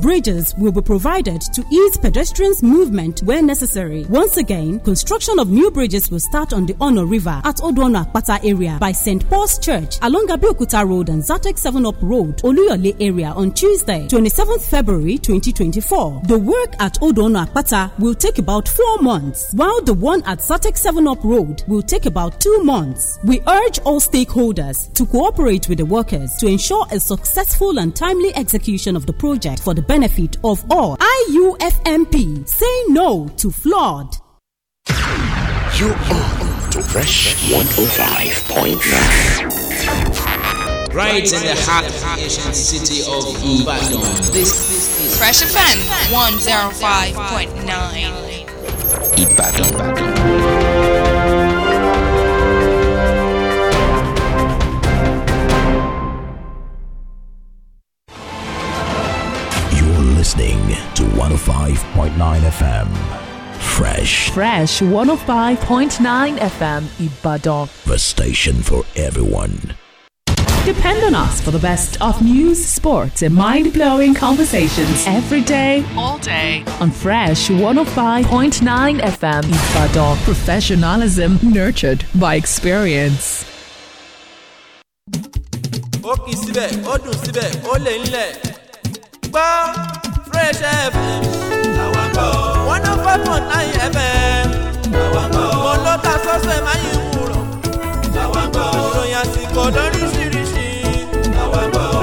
Bridges will be provided to ease pedestrians' movement where necessary. Once again, construction of new bridges will start on the Ono River at Odono area by St. Paul's Church along Abeokuta Road and Zatek 7 Up Road, Oluyole area on Tuesday, 27th February 2024. The work at Odono will take about four months, while the one at Zatek 7 Up Road will take about two months. We urge all stakeholders to cooperate with the workers to ensure a successful and timely execution of the project for the the benefit of all. IUFMP, say no to flood. You are to Fresh 105.9. Right in the heart of Asian city of Ibadan. This is Fresh Offense 105.9. Ibadan. Ibadan. listening to 105.9 FM. Fresh. Fresh 105.9 FM Ibadan. The station for everyone. Depend on us for the best of news, sports, and mind blowing conversations every day, all day on Fresh 105.9 FM Ibadan. Professionalism nurtured by experience. ó síbẹ̀ odun síbẹ̀ ó lè ń fresh one oh five point nine fm. àwọn kọ́. mo ló ta sọ́sẹ̀ máa yín wúrọ̀. ìròyìn àsìkò lóríṣiríṣi.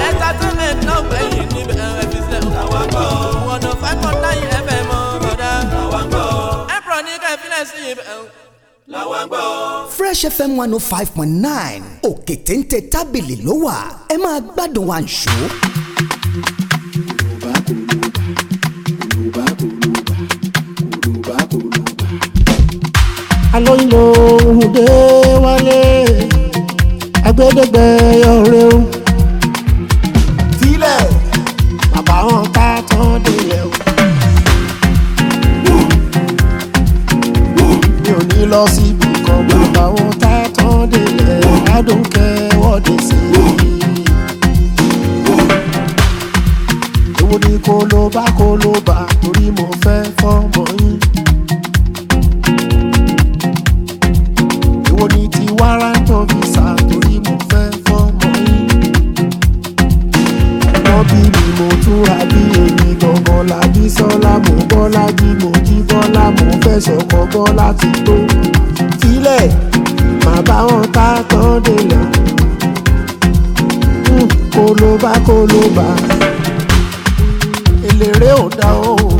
entertainment náà gbẹ̀yìn níbẹ̀ ẹ̀ fi sẹ́. one oh five point nine fm ọ̀bọ̀dá. àwọn kọ́. ní kẹ́ fílẹ̀ sí ibẹ̀ fresh fm one oh five point nine òkè téńté tábìlì ló wà ẹ máa gbádùn wa ń ohun dé wálé agbẹ́dẹ́gbẹ́ ọ̀rẹ́ o. tilẹ̀ bàbá wọn ká tán délẹ̀ o. mi ò ní lọ síbi kan bàbá wọn ká tán délẹ̀ adúnkẹ́ wọ́de sí i. èwo ni kó ló bá kó ló bá torí mo fẹ́ fọ́mọ yín. èwo ni ti warrant officer torí mo fẹ́ fọ́mọ yín. lọ́bì ni mo túra bí èmi gangan lábí sọ́lá mo bọ́lá bí mo jí bọ́lá mo fẹ́ sọ̀kọ́ bọ́ láti tó. sílẹ̀ màbá wọn tá a tán délẹ̀ hmm, kólóbá kólóbá eléré ò dá o.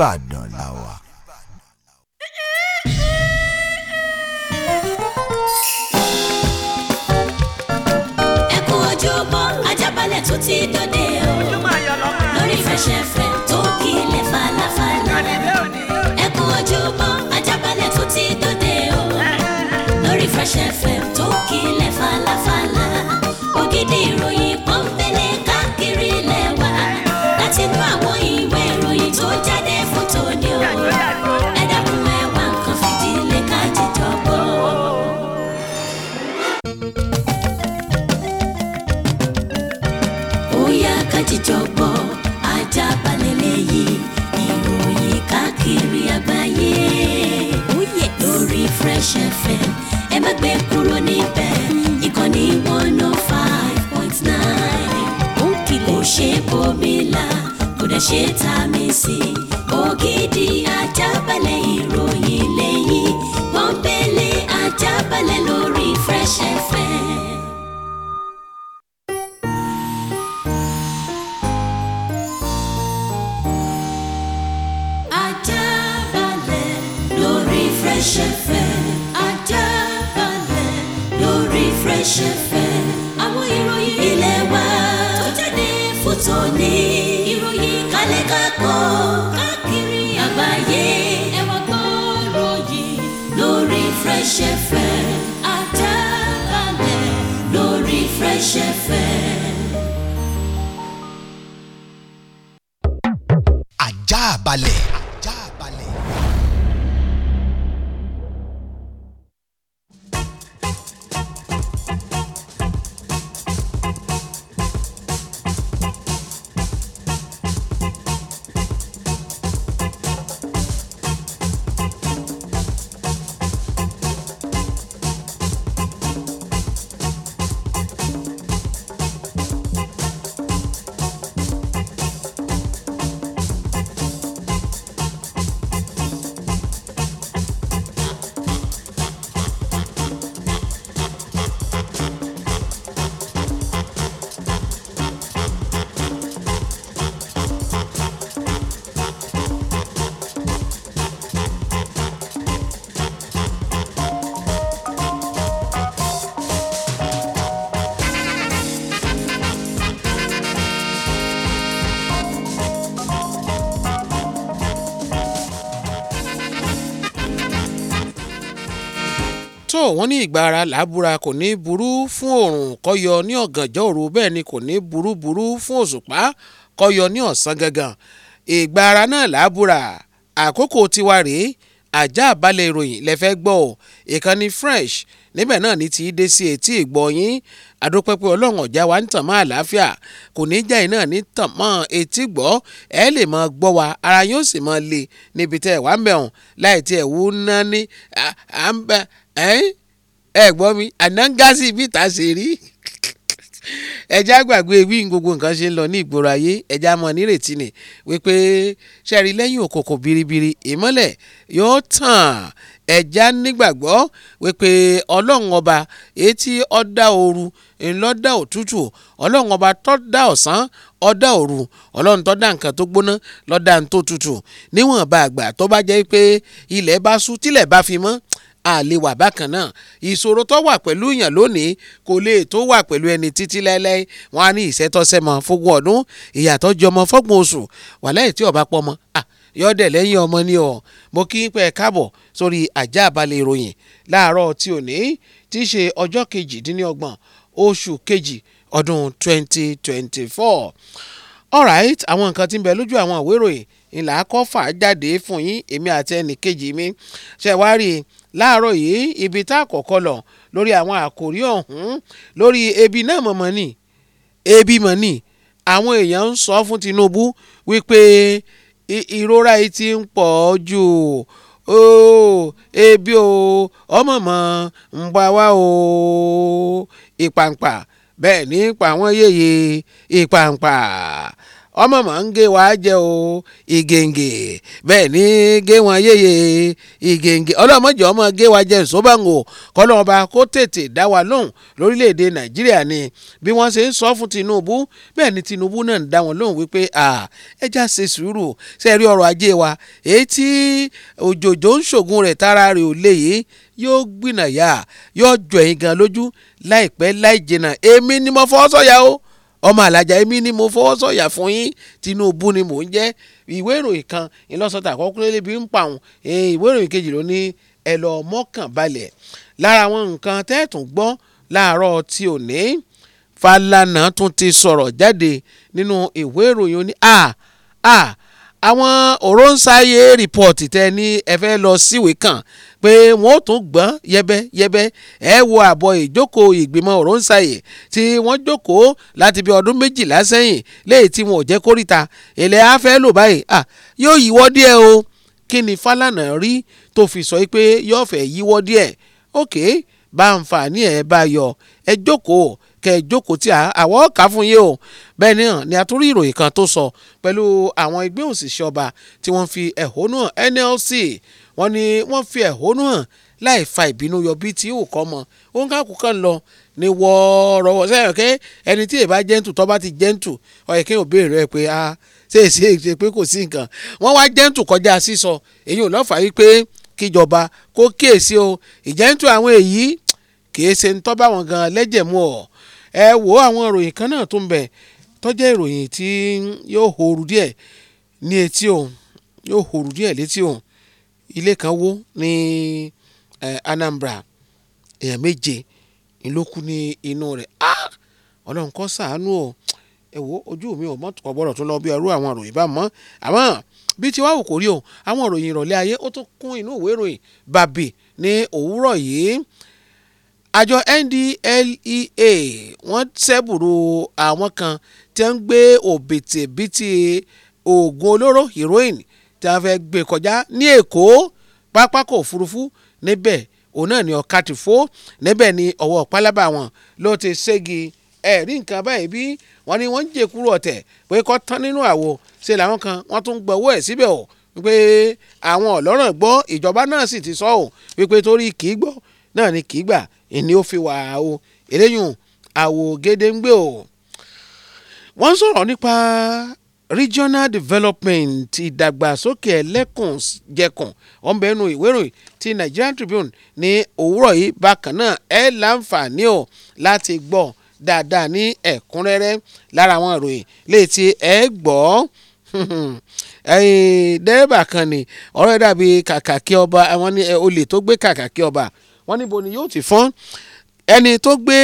But Fresh FM ẹ má gbé kúrò níbẹ̀ ìkànnì one oh five point nine. ó kìlẹ̀ kò ṣe bòmílà kò dẹ̀ ṣe tà ògidì ajábalẹ̀ ìròyìn. wọ́n ní ìgbà ara làbúra kò ní burú fún òòrùn kọ́yọ ní ọ̀gànjọ́ òru bẹ́ẹ̀ ni kò ní burú burú fún òṣùpá kọ́yọ ní ọ̀sán gangan ìgbà ara náà làbúra àkókò tiwa rèé ajá àbálẹ̀ ìròyìn lẹ́fẹ́ gbọ́ ò ìkànnì fresh níbẹ̀ náà ní ti dé sí etí ìgbọ̀yìn adópẹ́pẹ́ ọlọ́run ọ̀já wa ń tàn mọ́ àlàáfíà kò ní jẹ́ iná ní tàn mọ́ etí gbọ́ ẹ lè mọ gbọ́ wa ara yóò sì mọ le níbi tẹ́ ẹ̀ wá ń bẹ̀ láì tí ẹ̀ wú ná ní à ń bẹ̀ ẹ́ ẹ gbọ́ mi ànángásì bíta ṣe rí ẹjá gbàgbé bí gbogbo nǹkan ṣe ń lọ ní ìgboro ayé ẹjá mọ nírètí ni wípé ṣẹ́rí lẹ́yìn òkòkò biribiri ìmọ́lẹ̀ yóò tàn ẹjá nígbàgbọ́ wípé ọlọ́run ọba etí ọ̀dà ooru ńlọ́dà òtútù ọlọ́run ọba tọ́dà ọ̀sán ọ̀dà òru ọlọ́run tọ́dà nǹkan tó gbóná lọ́dà tó tutù níwọ̀nba àgbà tó bá jẹ́ pé ilẹ̀ bá ṣú tílẹ̀ bá fi mọ́ àlewà bákan náà ìṣòro tó wà pẹ̀lú yàn lónìí kò lè tó wà pẹ̀lú ẹni títí láéláé wọn á ní ìṣẹ́tọ́sẹ́mọ fógun ọdún ìyàtọ̀ jọmọ fọ́gbọ̀n oṣù wàláyé tí ọba pọ̀ mọ́ à yọ̀ọ́dẹ̀ lẹ́yìn ọmọ ni ọ̀ mo kí pẹ́ káàbọ̀ sórí ajá balẹ̀ ìròyìn láàárọ̀ tí ò ní tí í ṣe ọjọ́ kejìdínlọ́gbọ̀n oṣù kejì ọdún 2024 all right àwọn nǹkan tí ń bẹ lójú àwọn ìwé ńlá kọ́fà jáde fún yín èmi àti ẹnì kejì mi ṣẹ̀wárì láàárọ̀ yìí ibi tá àkọ́kọ́ lọ lórí àwọn àkòrí ọ̀hún lórí ebi náà mọ̀mọ́ ni ebi mọ̀ ni àwọn èèyàn ń sọ fún Tinubu wípé ìrora yìí ti ń pọ̀ jù o ebi o ọmọ mọ̀ ń bá wa o ìpàǹpà bẹ́ẹ̀ ní pa àwọn yéye ìpàǹpà ọmọ mọ̀ ń gé wa jẹ́ o ìgèǹgè bẹ́ẹ̀ ni gé wọn yéye ìgèǹgè ọmọ gé wa jẹ́ nsọ́bàǹgò kọ́lọ́ọ̀ba kó tètè dá wa lóhùn lórílẹ̀‐èdè nàìjíríà ni bí wọ́n ṣe ń sọ fún tinubu bẹ́ẹ̀ ni tinubu náà ń dá wọn lóhùn wípé ẹ ṣe sùúrù ṣe rí wa èyí tí òjòjò ń ṣògùn rẹ̀ tára rẹ̀ jọ ẹ̀yìn gan lójú láìpẹ́ láìjìnà ni mo fọ́ sọ́yà o. ọmọ alájà èmi ni mo fọwọ́ sọ̀yà fún yín Tinubu ni mò ń jẹ́ ìwé ìròyìn kan ìlọsọta àkọkúrẹ́lẹ́ bí ń pa òun ìwé ìròyìn kejì ló ní ẹ lọ mọ́kàn balẹ̀ lára àwọn nǹkan tẹ́ẹ̀tún gbọ́ láàárọ̀ tí ò ní Falana tún ti sọ̀rọ̀ jáde nínú ìwé ìròyìn oní a a àwọn òrónsáyé rìpọ́ọ̀tì tẹ ní ẹ fẹ́ lọ síwèé kàn pé wọ́n tún gbọ́n yẹ́bẹ́yẹ́bẹ́ ẹ wo àbọ̀ ìjókòó ìgbìmọ̀ òróǹsàyè tí wọ́n jókòó láti bí ọdún méjìlá sẹ́yìn léyìí tí wọn ò jẹ́ kórìíta ilẹ̀ afẹ́ lò báyìí à yóò yíwọ́ díẹ̀ o kí ni Fálànà rí tó fi sọ pé yóò fẹ́ yíwọ́ díẹ̀ òkè bá ń fà ní ẹ̀ bá yọ ẹ jókòó kẹ jókòó tí àwọ̀ ọ̀ka fún yín o bẹ́ẹ̀ ni hàn ni a tún rí ìròyìn kan tó sọ pẹ̀lú àwọn ẹgbẹ́ òṣìṣẹ́ ọba tí wọ́n fi ẹ̀hónú NLC wọ́n ní wọ́n fi ẹ̀hónú hàn láì fa ìbínú yọ bí tí ò kọ́ mọ́ òun káàkó kan lọ ní wọ́ọ́rọ́wọ́ sẹ́yìn ọ̀kẹ́ ẹni tí èèbá jẹ́ǹtù tọ́ bá ti jẹ́ǹtù ọ̀yẹ̀ kí n ò béèrè ẹ pé a ṣe ṣe ṣe pé kò sí nǹkan wọ́n wá jẹ́ǹtù kọjá sísọ èyí ò lọ́fà wípé kíjọba kó kíyèsí o ìjẹ́ǹtù àwọn èyí kìí ṣe ń tọ́ bá wọn gan lẹ́jẹ̀ mú ọ ẹ wo àwọn ìròyìn kan náà tó ń bẹ tọ́jẹ́ ìròyìn tí yóò horu díẹ̀ ní etí òun yóò horu díẹ̀ létí òun ilé kan wó ní Anambra èèyàn méje ló kú ní inú rẹ̀ ah! ọlọ́run kó ṣàánú o ẹ wo ojú mi ò mọ́ ọ̀bọ̀rọ̀ tó lọ bí ọrú àwọn ìròyìn bá mọ́ àmọ́ bí ti wá wò kó rí o àwọn ìròyìn ìrọ̀lẹ́ ayé ó tún kún inú ìwé ìròyìn bàbí ní òwúrọ̀ yìí àjọ NDLEA wọ́n ṣẹ́bùrú àwọn kan tí ń gbé òbítíbitì oògùn olóró heroin tí wọ́n fẹ́ gbé kọjá ní Èkó pápákọ̀ òfurufú níbẹ̀ òun náà ni ọ̀ka ti fò níbẹ̀ ni ọwọ́ pálábà wọn ló ti ségi ẹ̀rí nǹkan báyìí bí wọ́n ní wọ́n ń jẹ kúrò ọ̀tẹ̀ pé kọ́ tán nínú àwo ṣe làwọn kan wọ́n tún gbọ́ owó ẹ̀ síbẹ̀ o wípé àwọn ọ̀lọ́ràn gbọ́ ìjọba náà sì ti sọ ọ́ wípé torí kì í gbọ́ náà ni kì í gbà ni ó fi wà o eléyùn àwò gédéǹgbé o wọ́n sọ̀rọ̀ nípa regional development ìdàgbàsókè ẹlẹ́kùnjẹkùn ọ̀nbẹ́nu ìwé ìròyìn ti Nigerian Tribune ní òwúrọ̀ yìí bákan náà ẹ láǹfààní ọ̀ láti gbọ́ dáadáa ní ẹ̀kúnrẹ́rẹ́ lára àwọn ìròyìn létí ẹ gbọ́ dẹ́rẹ́bà kan ni ọ̀rọ̀ dàbí kàkàkí ọba àwọn olè tó gbé kàkàkí ọba wọ́n níbo ni yóò ti fọ́n ẹni tó gbé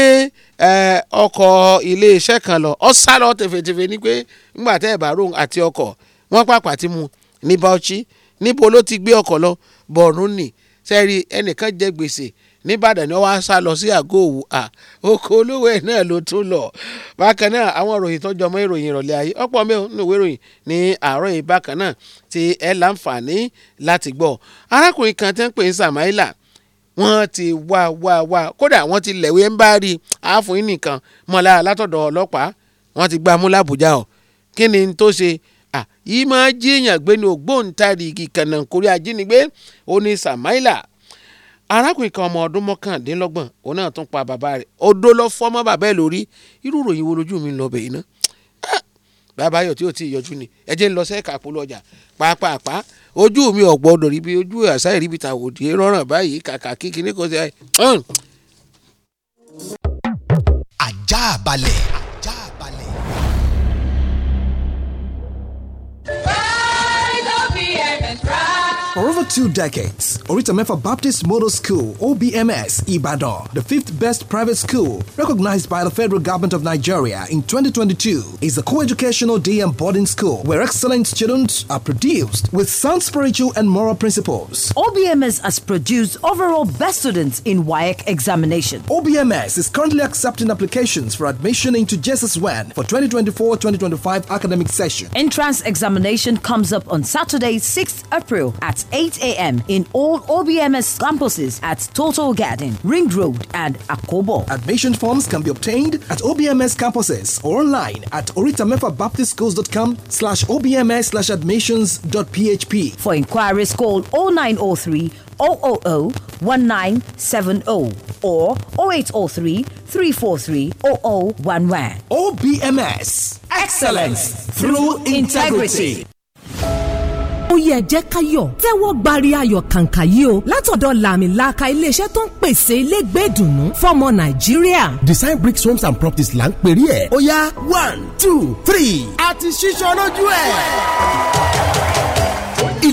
ọkọ̀ iléeṣẹ́ kan lọ ọ sá lọ tẹ̀fẹ̀tẹ̀fẹ̀ ni pé ńgbà tẹ́ ẹ̀ bá rohùn àti ọkọ̀ wọ́n pàpà ti mu ní Bauchi níbo ló ti gbé ọkọ̀ lọ Borno ni sẹ́ẹ̀rì ẹnìkan jẹ gbèsè nìbàdàn ni wọ́n á sá lọ sí àgọ́ òwú à oko olówó ẹ̀ náà ló tún lọ. bákan náà àwọn ìròyìn tó jọmọ́ ìròyìn ìrọ̀lẹ́ ayé ọ̀pọ̀ mẹ́rin ní ìwé ìròyìn ní àárọ̀ yìí bákan náà tí ẹ láǹfààní láti gbọ́. arákùnrin kan tẹ́ ń pè ní Samaila wọ́n ti wá wá wá kódà wọ́n ti lẹ̀wé ń bá rí àáfòyín nìkan mọ́lá látọ̀dọ̀ ọlọ́pàá wọ́n ti gbá mú làbújá o kí ni n tó ṣe yìí máa jíyàn gbé ní ògbóǹtarìgì kànáńkórí ajínigbé ó ní Samaila arákùnrin kan ọmọ ọdún mọ́kàndínlọ́gbọ̀n òun náà tún pa bàbá rẹ̀ odó lọ fọ́mọ́ bàbá ẹ̀ lórí irú ìròyìn wo lójú mi lọ bẹ̀ náà bàbáyọ̀ tí ò tí yọjú ni ẹ jẹ́ lọ sẹ́ka polówó ọjà pàápàá ojú mi ò gbọ́dọ̀ ríbi ojú àṣà ìríbi tàwòdì rọrùn báyìí kàkà kíkì ní kò sí ẹ. ajá balẹ̀. ajá balẹ̀. Rise up the For over two decades, Orita Mefa Baptist Model School, OBMS, Ibadan, the fifth best private school recognized by the federal government of Nigeria in 2022, is a co-educational day and boarding school where excellent students are produced with sound spiritual and moral principles. OBMS has produced overall best students in WAEC examination. OBMS is currently accepting applications for admission into Jesus Wan for 2024-2025 academic session. Entrance examination comes up on Saturday, 6th April at 8 a.m. in all OBMS campuses at Total Garden, Ring Road, and Akobo. Admission forms can be obtained at OBMS campuses or online at oritamefabaptistschools.com slash OBMS slash php. For inquiries, call 0903 000 1970 or 0803 343 0011. OBMS. Excellence through integrity. ó yẹ jẹ́ káyọ̀ tẹ́wọ́ gbari ayọ̀ kàǹkà yìí o látọ̀dọ̀ làmìlaka iléeṣẹ́ tó ń pèsè ilé gbé ìdùnnú fọmọ nàìjíríà. design bricks homes and properties là ń pèrè ẹ̀ ó yá one two three àti ṣíṣọ́ lójú ẹ̀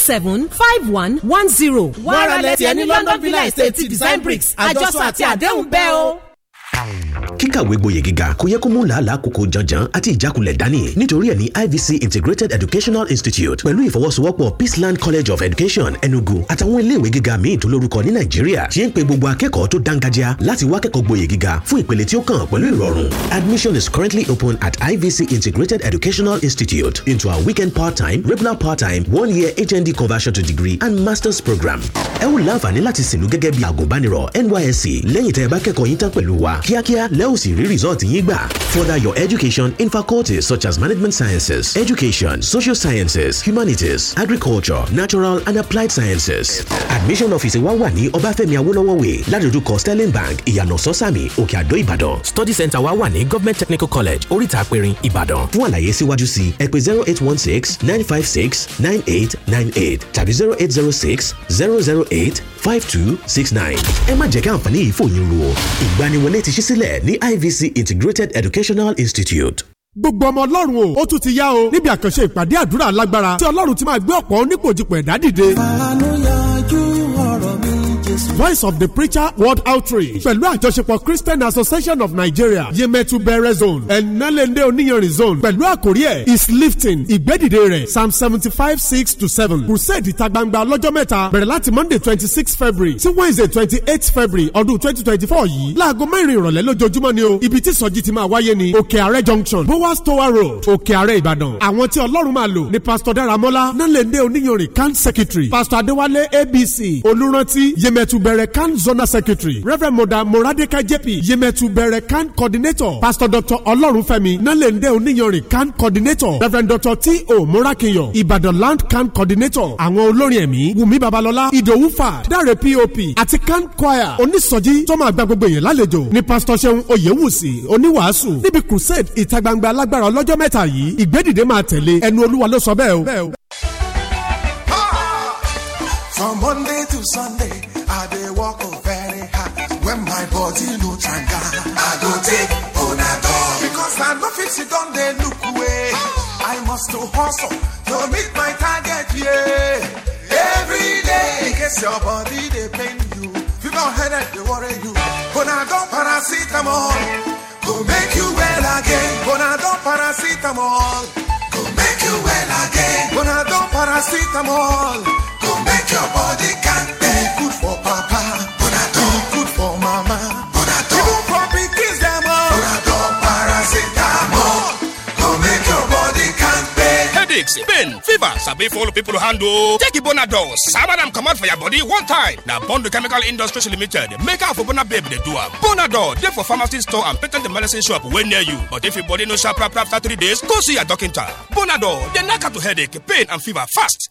seven five one one zero. wàá ralẹ̀ tiẹ̀ ní London Villa Estate design bricks àjọṣọ àti àdéhùn bẹ́ẹ̀ o kíkàwé gboyè gíga kò yẹ kó mú làálàá kókó janjan àti ìjákulẹ̀ dání nítorí ẹ̀ ní IVC Integrated Educational Institute pẹ̀lú ìfọwọ́sowọ́pọ̀ Peaceland College of Education Enugu àtàwọn iléèwé gíga míì tó lórúkọ ní Nàìjíríà ṣe ń pe gbogbo akẹ́kọ̀ọ́ tó dángájá láti wá kẹ́kọ̀ọ́ gboyè gíga fún ìpele tí ó kàn pẹ̀lú ìrọ̀rùn Admission is currently open at IVC Integrated Educational Institute into our weekend part-time regular part-time one-year HND conversion to degree and masters program ẹ ó láǹfààní láti sìnú gẹ́gẹ́ bí àgùnbánirọ̀ NYSC lẹ́yìn tẹ́ ẹ bá kẹ́kọ̀ọ́ yín tán pẹ̀lú wa kíákíá lẹ́ ò sì rí result yín gbà. Further your education in faculties such as management sciences, education, social sciences, humanities, agriculture, natural and applied sciences. Admission office wa wà ní Ọbáfẹ́mi Awólọ́wọ̀ Way ládojúkọ Sterling Bank ìyànà sọ́sàmì Òkè Àdó Ìbàdàn. Study center wa wà ní Government Technical College Oríta Apẹ̀rìn Ìbàdàn. Fún àlàyé síwájú sí ẹ pè zero eight one six nine five six nine eight nine eight tàbí zero eight zero six zero zero eight five two six nine. Ẹ má jẹ́ kí àǹfààní yìí fò yín ru o. Ìgbaniwọlé ti ti ṣí sílẹ̀ ní IVC Integrated Educational Institute gbogbo ọmọ ọlọ́run o ó tún ti yá o níbi àkànṣe ìpàdé àdúrà lágbára tí ọlọ́run ti máa gbé ọ̀pọ̀ onípòjìpọ̀ ẹ̀dá dìde. fàánù voice of the preacher world outreach pẹ̀lú àjọṣepọ̀ christian association of nigeria yemetu bẹ̀rẹ̀ zone ẹ̀nálẹ̀ndé oníyanrìn zone pẹ̀lú àkórí ẹ̀ is lifting ìgbẹ́dìde rẹ̀ psalm seventy five six to seven crusade ìta gbangba lọ́jọ́ mẹ́ta bẹ̀rẹ̀ láti monday twenty six february sí wednesday twenty eight february ọdún twenty twenty four yìí láago mẹ́rin ìrọ̀lẹ́ lójoojúmọ́ ni o ibi tí sọ́jí ti máa wáyé ni òkè àrẹ junction bowers tower road òkè àrẹ ìbàdàn àwọn tí ọlọ́run máa lò ni pastor daramola nálẹ̀ndé oníyanrìn camp secretary pastor adéwálé abc olùrántí yemetu bẹ̀rẹ̀ Berekan zona Secretary, Reverend Moda Moradeka JP, Yemetu Berekan Coordinator, Pastor Dr. Olorunfemi, Nalende Oniyanrin Kan Coordinator, Reverend Dr. T.O. Morakinyo, Ibadan Land Kan Coordinator, àwọn olórin ẹ̀mí, Wumi Babalọlá, Idowu Fad, Dare POP, ati Kan Choir, onísọjí tó máa gba gbogbo èèyàn lálejò Pastor Seun Oyewusi, oníwàásù, níbi crusade ìta gbangba alágbára ọlọ́jọ́ mẹ́ta yìí, ìgbédìde máa tẹ̀lé, ẹnu olúwa ló sọ bẹ́ẹ̀ o. From Monday to Sunday. very high when my body no tanga. I go take Bonadol because I no fit don't they look away. I must to hustle to meet my target, yeah. Every day, in your body they pain you, if your headache they worry you. don't parasitamol, go make you well again. don't parasitamol, go make you well again. don't parasitamol, go make your body can. headaches pain fever sabi for all people handle take ibonadol sabi am comot for your body one time Now bondo chemical Industries limited maker of bonababe they do am bonadol They for pharmacy store and patent the medicine shop wey near you but if your body no sharp after three days go see your doctor bonadol They knack out headache pain and fever fast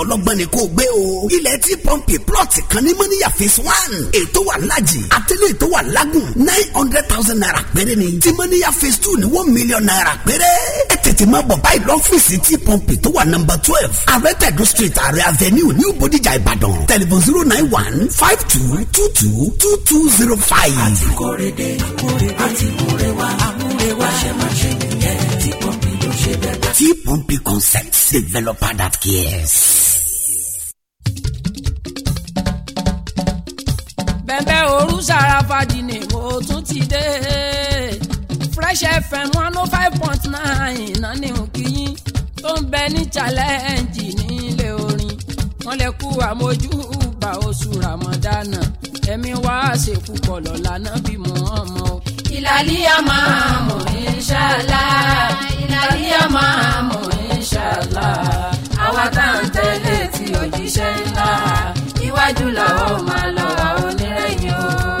ọlọ́gbọ́n ni kò gbé o. ilẹ̀ tí pọ́ǹpì plọ̀tì kan ní mọ́níyà phase one ètò wà lájì àtẹlẹ́ ètò wà lágùn nine hundred thousand naira péré ni tí mọ́níyà phase two ni one million naira péré. ẹ tètè máa bọ̀ báyìí lọ́fíìsì tí pọ́ǹpì tó wà nọ́mbà twelve arẹ́tẹ̀dù street àrẹ avenue new bodijà ìbàdàn tẹlifon zero nine one five two two two two two zero five. àti kórede àti kórewa àmúrewa ṣe máa ṣe nìyẹn tí pọ́ǹpì tún ṣe bẹ́ẹ̀. concepts developer that cares. bẹ́ẹ̀ ooru sára fàájì ni mo tún ti dé fresh fm one oh five point nine nání òkìyín tó ń bẹ ní challenge nílé orin wọn lè kú àmójú bá oṣù ramadana ẹ̀mí wá ṣèkú pọ̀ lọ́la náà bí mo hàn mọ́ o ìlàlíyà máa mọ̀ inṣàlá ìlàlíyà máa mọ̀ inṣàlá àwa tá à ń tẹ́lẹ̀ tí òjíṣẹ́ ńlá iwájú làwọn máa lọ àwọn onírẹ̀yìn o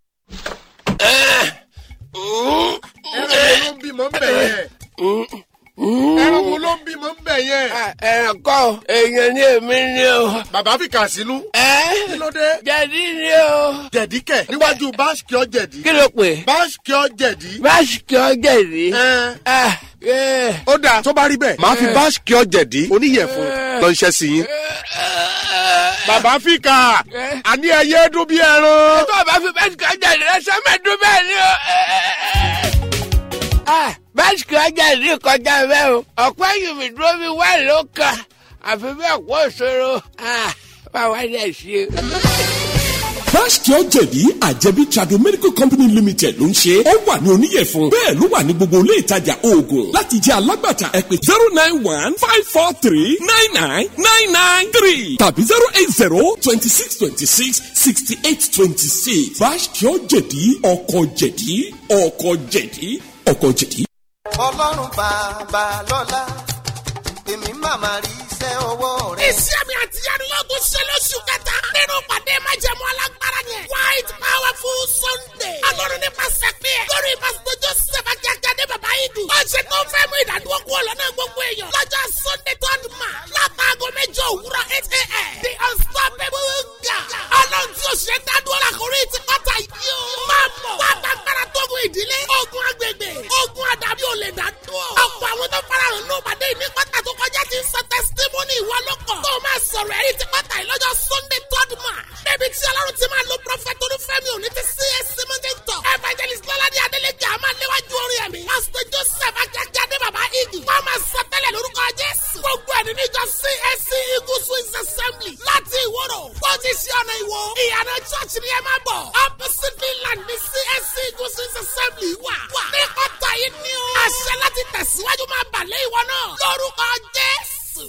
Eh, uh, uh, ẹ ẹ ló ń bímọ bẹ̀rẹ̀. Eh, uh, ẹranko ló ń bímọ ń bẹ yẹn. Ah, ẹ̀kọ́ èèyàn ni èmi ni o. bàbá fi kà sílú. ẹ kí ló dé. jẹ̀dí ni o. jẹ̀dí kẹ̀ níwájú báṣkì ọ jẹ̀dí. kí ló pè. báṣkì ọ jẹ̀dí. báṣkì ọ jẹ̀dí. Ah, eh. ó dáa tó bá rí bẹ́ẹ̀. màá fi eh. báṣkì ọ jẹ̀dí oníyẹ̀fun eh. lọ iṣẹ́ sí yín. bàbá fi àní ẹyẹ dún bí ẹran. ètò àbáfi báṣkì ọ jẹ̀dí lọ sẹ́mẹ̀ẹ́dún bẹ́ẹ̀ ni o. Ah báṣìkì ọjà ìdí kọjá bẹ́ẹ̀ o ọ̀pẹ́ yìí dúró mi wá ló kan àfi bẹ́ẹ̀ kó ṣòro ah, bá wá dẹ̀ ṣe. Báṣkì ọ̀jẹ̀bí àjẹbí Trado Medical Company Limited ló ń ṣe. Ó wà ní oníyẹ̀fun. Bẹ́ẹ̀ ló wà ní gbogbo ilé ìtajà oògùn. Láti jẹ́ alágbàtà ẹ zero nine one five four three nine nine nine nine three tàbí zero eight zero twenty six twenty six sixty eight twenty six. Báṣkì ọ̀jẹ̀bí ọkọ̀ jẹ̀dí ọkọ̀ jẹ̀dí ọkọ̀ jẹ̀dí ọlọ́run bàbá lọ́lá èmi màmá rí iṣẹ́ ọwọ́ rẹ. iṣẹ́ mi àti yanilógun ṣe lóṣù kẹta nínú pàdé májẹ̀mú alágbára yẹn white powerful sunday alọ́run nípasẹ̀ pé lórí pásítọ̀ joseph akẹ́kọ̀ọ́. Adé Bàbá Ìdù. Ó ṣe tó fẹ́ mú ìdádúró kúrò lọ́nà gbogbo èèyàn. Lọ́jọ́ Sunday third March látàgọ́ mẹ́jọ òwúrọ̀ eight a.m. The unstoppable God. Ọlọ́run tí o ṣe dádúró làkúrú ìtì pátá yìí o. Máa bọ̀. Wá gbàgbára tógun ìdílé. Ogun agbègbè. Ogun àdàbí ò lè dádúró. Ọ̀pọ̀ àwọn tó farahàn ní òpàdé ìní pátá tó kọjá ti sọ testimony ìwọ lọ́kọ̀. Tó máa sọ̀rọ̀ ẹ̀rí ti pátá yìí lọ́jọ́ Sunday third March. Débi tí Ọlọ́run ti máa lo Prọfẹ̀t Olúfẹ́mi òní ti CSC Mọ́tẹ́tọ̀. Evangelist Lọ́ládé Adélékè àmàléwájú orí ẹ̀mí pásítọ̀ joseph ajájáde bàbá igi. wọ́n máa sọ tẹ́lẹ̀ lórúkọ jésù. gbogbo ẹni níjọ CAC igusu is assembly láti ìwòrò. bó ti ṣe ọ̀nà ìwò ìyànà church ni ẹ máa bọ̀. opposite finland ni CAC igusu is assembly wà. ní ọ̀tá yìí ni o. àṣẹ láti tẹ̀síwájú máa bà lé ìwọ náà. lórúkọ jésù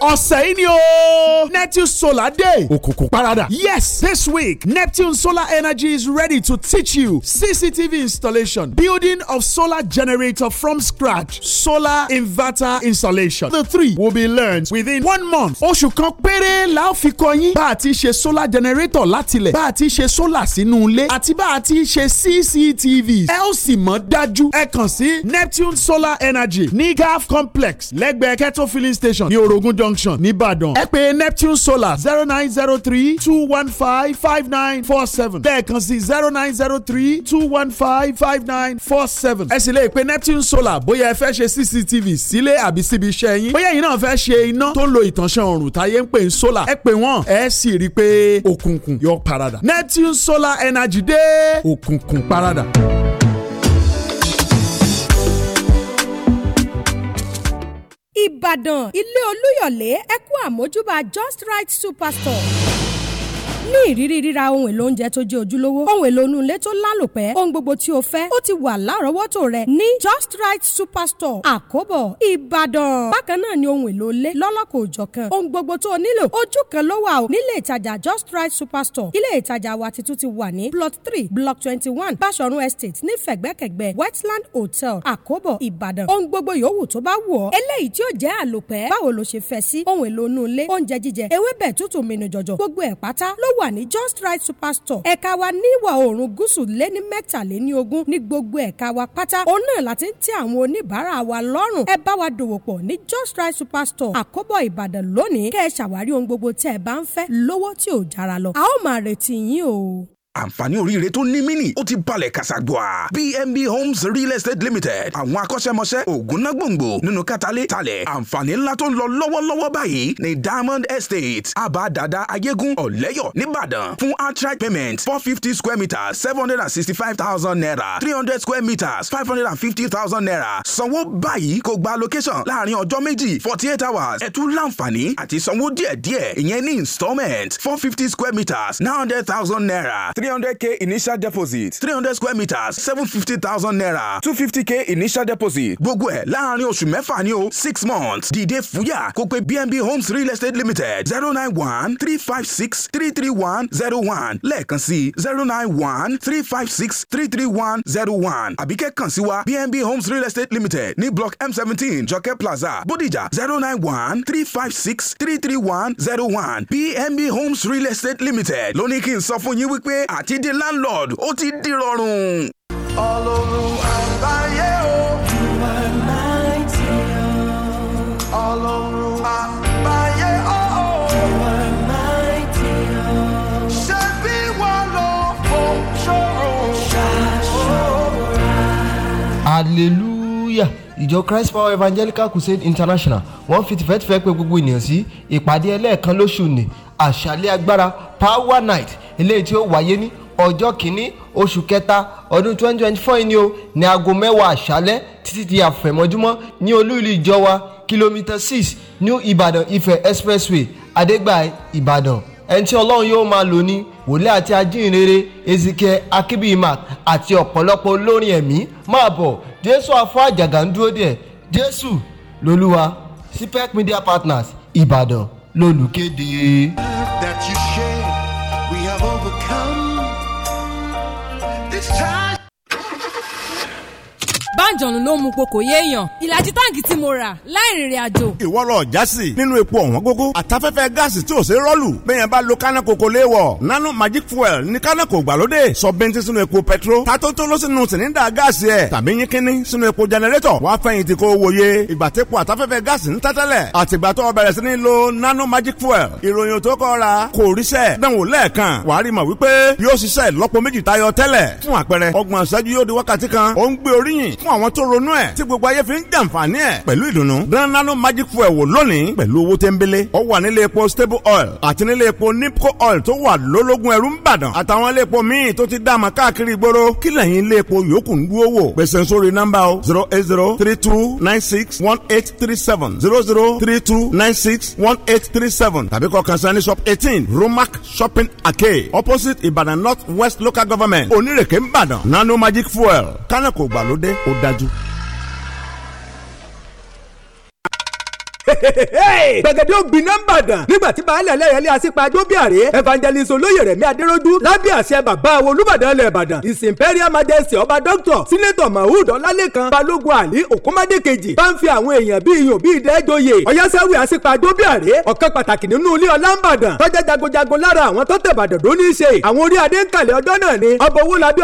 ọ̀sẹ̀ yìí ni o Neptune Solar Day òkùnkùn parada yes this week Neptune Solar Energy is ready to teach you CCTV installation building of solar generator from scratch solar inverter installation the three will be learned within one month oṣù kan péré la ó fi kọ́ yín bá a ti ṣe solar generator látilẹ̀ bá a ti ṣe solar sínú ilé àti bá a ti ṣe CCTV ẹ ó sì mọ̀ dájú ẹ kàn sí Neptune Solar Energy ní gaf complex lẹ́gbẹ̀ẹ́ Keto filling station ní Orogun junction junction nìbàdàn ẹ pè neptune solar zero nine zero three two one five five nine four seven lẹ́ẹ̀kan sí zero nine zero three two one five five nine four seven ẹ sì lè pe neptune solar bóyá ẹ fẹ́ ṣe cctv sílé àbí síbi iṣẹ́ yín bóyá ẹ̀yin náà fẹ́ ṣe iná tó ń lo ìtànṣán òòrùn táyé ń pè ní solar ẹ pè wọ́n ẹ sì rí i pé òkùnkùn yọ parada neptune solar energy dé òkùnkùn parada. Ìbàdàn ilé Olúyọ̀lé ẹ àmójúbà Just Right Superstore ní ìrírí ríra ohun èlò oúnjẹ tó jẹ́ ojúlówó ohun èlò inú ilé tó lálòpẹ́ ohun gbogbo tí o fẹ́ ó ti wà lárọ̀ọ́wọ́tò rẹ ní just right superstore àkóbọ̀ ìbàdàn bákan náà ni ohun èlò ilé lọ́lọ́kọ̀ òjọ̀kan ohun gbogbo tó o nílò ojú kan ló wà o nílé ìtajà just right superstore ilé ìtajà wa titun ti wà ní plot three block twenty one basọ̀run estate ní fẹ̀gbẹ́kẹ̀gbẹ́ wetland hotel àkóbọ̀ ìbàdàn ohun gbogbo yòówù tó bá wù ọ́ eléyìí tí ó jẹ́ àlòpẹ́ báwo lo ṣe fẹ́ sí ohun èlò inú ilé oúnjẹ jíjẹ ewébẹ̀ tútù mìnìjọ̀jọ̀ gbogbo ẹ̀ pátá ló w wà ní just right superstore ẹ̀ka wa ní ìwọ̀ oòrùn gúúsù lé ní mẹ́tàléníogún ní gbogbo ẹ̀ka wa pátá òun náà láti ń tẹ́ àwọn oníbàárà wa lọ́rùn ẹ bá wa dòwò pọ̀ ní just right superstore àkóbọ̀ ìbàdàn lónìí kẹ́ ẹ ṣàwárí ohun gbogbo tẹ́ ẹ bá ń fẹ́ lówó tí ò jára lọ a ó máa retí yín o àǹfààní oríire tó ní mínì ó ti balẹ̀ kàṣàgbọ́à bnb homes real estate limited àwọn akọ́ṣẹ́mọṣẹ́ ògúnná gbòǹgbò nínú kátálé talẹ̀ àǹfààní ńlá tó ń lọ lọ́wọ́lọ́wọ́ báyìí ní diamond estate abadada ayégún ọ̀lẹ́yọ̀ nìbàdàn fún outright payment four fifty square meters seven hundred and sixty five thousand naira three hundred square meters five hundred and fifty thousand naira sanwó báyìí kò gba location láàrin ọjọ́ méjì forty eight hours ẹ̀tún láǹfààní àti sanwó díẹ̀díẹ̀ ìyẹn ní installment four fifty square meters nine thousand naira 300 k initial deposit 300 square meters 750,000 naira 250 k initial deposit. gbogbo ẹ̀ láàárín oṣù mẹ́fà ni o six months dìde fúyà kó pe bnb homes real estate limited zero nine one three five six lẹ́ẹ̀kan sí zero nine one three five sí wa bnb homes real estate limited ní block m 17 jọkẹ́ plaza bódìjà zero nine one bnb homes real estate limited ló ní kí n sọ fún yín wípé àti di landlord ó ti di rọrùn. ọlọ́run àgbáyé o. ọlọ́run àgbáyé o. ṣé bí wọ́n lọ fún ṣòro. hallelujah ìjọ christ power evangelical crusade international wọ́n fi tìfẹ́ tìfẹ́ pè gbogbo ènìyàn sí ìpàdé ẹlẹ́ẹ̀kan lóṣù ní àṣálẹ́ agbára power night eléyìí tí ó wáyé ní ọjọ́ kìíní oṣù kẹta ọdún 2024 ni o ní aago mẹ́wàá àṣálẹ́ títí di àfẹ̀mọ́júmọ́ ní olú ìlú ìjọ wa kìlómítà 6 new ìbàdàn ifẹ̀ expressway adégbà ìbàdàn ẹni tí ọlọ́run yóò máa lò ní wòlíì àti ajínrere ezike akibimak àti ọ̀pọ̀lọpọ̀ olórin ẹ̀mí máa bọ̀ jésù afọ àjàgà ń dúró díẹ̀ jésù lolúwa cpec media partners ìbàdàn lolùkéde. that you share. báńjọ̀nù ló mú pokò yéèyàn ìlàjì táǹkì tí mo rà láì rìnrìn àjò. ìwọ lọ jásì nínú epo ọ̀wọ́n gógó àtafẹ́fẹ́ gáàsì tí ò ṣe rọ́ọ̀lù bẹ́ẹ̀ bá lo kánà kòkó léwọ̀ nano magic fuel ní kánà kò gbàlódé sọ bẹ́ntì sínú epo petro tatótó ló sínú sìnínda gáàsì ẹ̀ tàbí yín kínní sínú epo jẹnẹrétọ̀ wàá fẹ̀yìntì kó wòye ìgbà tẹ́po àtafẹ́fẹ́ gáàsì ń tẹ́tẹ́lẹ̀ àtìgbà fún àwọn tó ronú ẹ̀ tí gbogbo ayé fi ń jàǹfààní ẹ̀ pẹ̀lú ìdùnnú. dán magic fuel wò lónìí pẹ̀lú owó tẹ́ńbélé. ó wà nílé epo stable oil àti nílé epo nipco oil tó wà lólógún ẹrú ń bàdàn àtàwọn ilé epo míì tó ti dáàmà káàkiri ìgboro kí lẹ́yìn ilé epo yòókù ń dúró wò. gbèsè sórí nọ́mbà o zero eight zero three two nine six one eight three seven zero zero three two nine six one eight three seven tàbí kọ kànsáni shop eighteen romac shopping arcade opposite Ìbàdàn north west local government onírèké ń bàdàn nano magic fuel kánà kò gbàlódé òd dájú. gbẹ̀gẹ̀dẹ̀ ògbìnà ń bàdàn nígbà tí baálé ẹlẹ́yẹlé asípajó bíàrè evangelist olóyè rẹ̀mí adéròjú lábẹ́ àṣẹ bàbá àwọn olùbàdàn ilẹ̀ ìbàdàn his imperial majesty ọba doctor senator mahood ọlálẹ́kan balógun ali òkúnmádé kejì bá ń fi àwọn èèyàn bíi iyùn bíi ìdẹ́jọyè ọ̀yásáwì asípajó bíàrè ọ̀kan pàtàkì nínú ilé ọlámbàdàn tọ́jà jagunjagun lára àwọn tó tẹ̀bàdàn ló ní í ṣe àwọn orí adé ń kàlẹ̀ ọjọ́ náà ni ọba owó labí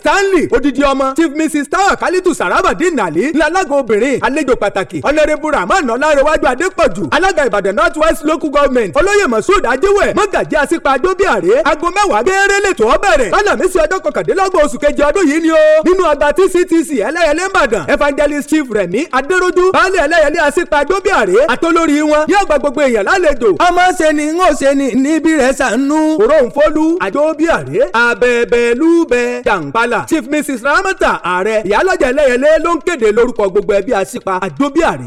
stanley odidi ọmọ chief mrs tawa kálítù sàràbà muhammed nali lálága obìnrin àlejò pàtàkì ọ̀nàrẹ́bù rahman ọ̀làrẹ̀wájú adépọ̀jù alága ìbàdàn north west local government olóyè masud ajéwẹ̀ mọ́gàjì àsìpá àjọbíàrẹ́ aago mẹ́wàá gééré lẹ́tọ̀ ọ̀bẹ̀rẹ̀ kálàmísì ọjọ́ kọkàndínlọ́gbọ̀n oṣù kejì ọdún yìí ni ó nínú ọgbà tctc ẹlẹ́yẹlé ìbàdàn evangelist chief remi, adéròjú baálé ẹlẹ́yẹlé àsìpá àjọbíàrẹ́ àtolórí wọn yóò gba gbogbo èèyàn lálejò ọmọ ṣe ni ń ò ṣe ni níbi rẹ̀ sànú òróǹfọ́lú àjọbíàrẹ́ abẹ́bẹ́lúbẹ́ jàǹpalà chief mrs ramata ààrẹ ìyálọ́jà ẹlẹ́yẹlé ló ń kéde lórúkọ gbogbo ẹbí àsìpa àjọbíàrè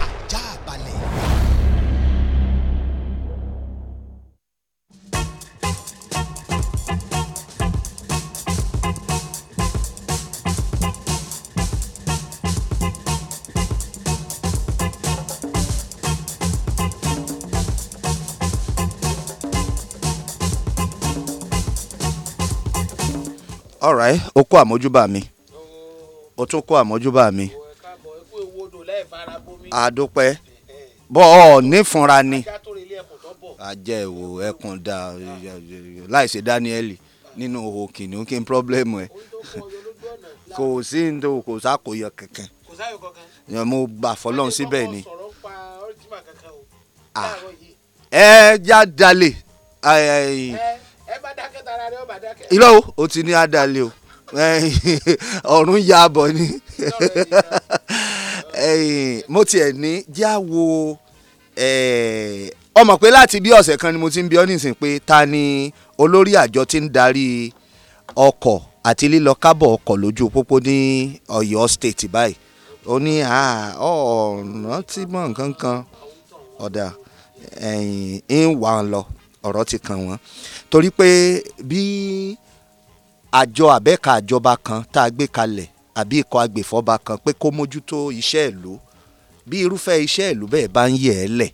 ọ̀rẹ́ o kó àmójúbà mi o tún kó àmójúbà mi àdópẹ́ bọ́ ọ nífunra ni ajẹ́ ìwò ẹkùn dà láìsí dáníẹ́lì nínú òhò kìnìún kí n pírọ́blẹ́mù ẹ̀ kò sí ní kò sákòyọ kankan mo gbà fọlọ́run síbẹ̀ ni ẹ já dalè irọ́ o ò ti ní adalẹ̀ o ọ̀run ya bọ̀ ni mo tiẹ̀ ní já wo ọmọ pé láti bí ọ̀sẹ̀ kan ni mo ti ń bi ọ́ nísìnyí pé ta ni olórí àjọ tí ń darí ọkọ̀ àti lílọ kábọ̀ ọkọ̀ lójú pópó ní Ọ̀yọ́ state báyìí ó ní ọ̀ràn tí mọ̀ nǹkan kan ọ̀dà ń wà ń lọ ọ̀rọ̀ ti kàn wọ́n torí pé bí àjọ àbẹ́ka àjọba kan tá a gbé kalẹ̀ àbí ikọ̀ agbèfọ́ba kan pé kó mójútó iṣẹ́ ìlú bí irúfẹ́ iṣẹ́ ìlú bẹ́ẹ̀ bá ń yẹ̀ ẹ́ lẹ̀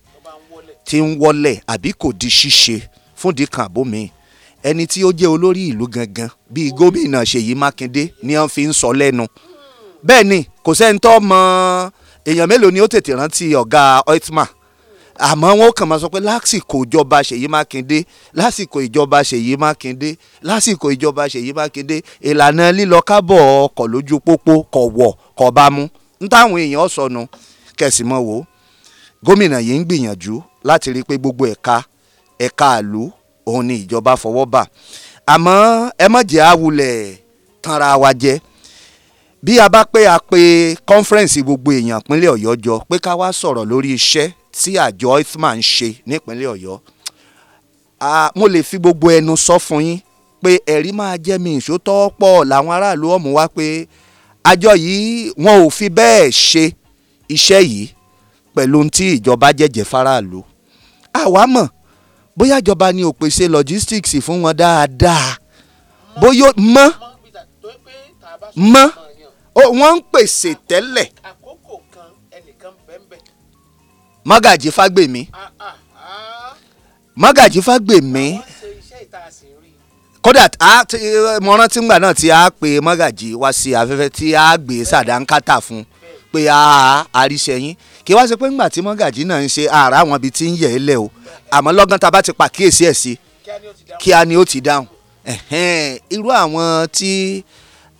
tí ń wọlẹ̀ àbí kò di ṣíṣe fúndì kan àbómi ẹni tí ó jẹ́ olórí ìlú gangan bíi gómìnà Ṣèyí Mákindé ni wọ́n fi ń sọ lẹ́nu bẹ́ẹ̀ ni kò sẹ́ni tó mọ èèyàn mélòó ni ó tètè rántí ọ̀gá Oitman àmọ́ wọn kàn máa sọ pé lásìkò ìjọba Ṣèyí Mákindé lásìkò ìjọba Ṣèyí Mákindé lásìkò ìjọba Ṣèyí Mákindé ìlànà lílọ kábọ̀ ọkọ̀ lójú pópó kọ̀ wọ̀ kọ̀ bá mú ń táwọn èèyàn sọnù kẹsìmọ́ wò gómìnà yìí ń gbìyànjú láti rí i pé gbogbo ẹ̀ka ẹ̀ka ìlú òun ni ìjọba fọwọ́ bà àmọ́ ẹ má jẹ́ àwulẹ̀ tanra wa jẹ́ bí a bá pé a pé conference gbogbo èèyàn ìpínlẹ̀ ọ̀yọ́ jọ pé ká wá sọ̀rọ̀ lórí iṣẹ́ tí àjọ ithman ń ṣe nípínlẹ̀ ọ̀yọ́ mo lè fi gbogbo ẹnu sọ fún yín pé ẹ̀rí máa jẹ́ mi ìṣótọ́ pọ̀ làwọn aráàlú ọ̀mù wá pé àjọ yìí wọn ò fi bẹ́ẹ̀ ṣe iṣẹ́ yìí pẹ̀lú tí ìjọba jẹ̀jẹ̀ faraàlú àwa mọ̀ bóyá ìjọba ni ò logistics fún wọn dáadáa bóyá mọ́ mọ́ wọ́n ń pèsè tẹ́lẹ̀. àkókò kan ẹnìkan bẹ́ẹ̀ mọ́gàjì fágbèmí ah, ah, ah. mọ́gàjì fágbèmí kódà mo rántí ngbà náà tí a pè mọ́gàjì wá sí afẹ́fẹ́ tí a gbé sàdánkátà fún pé a àríṣẹ yín kí wá ṣe pé ngbà tí mọ́gàjì náà ń ṣe ara àwọn ibi tí ń yẹ̀ ẹ́ lẹ̀ o àmọ́ lọ́gán tá a bá ti pàkíyèsí ẹ̀ sí kíá ni ó ti dáhùn irú àwọn tí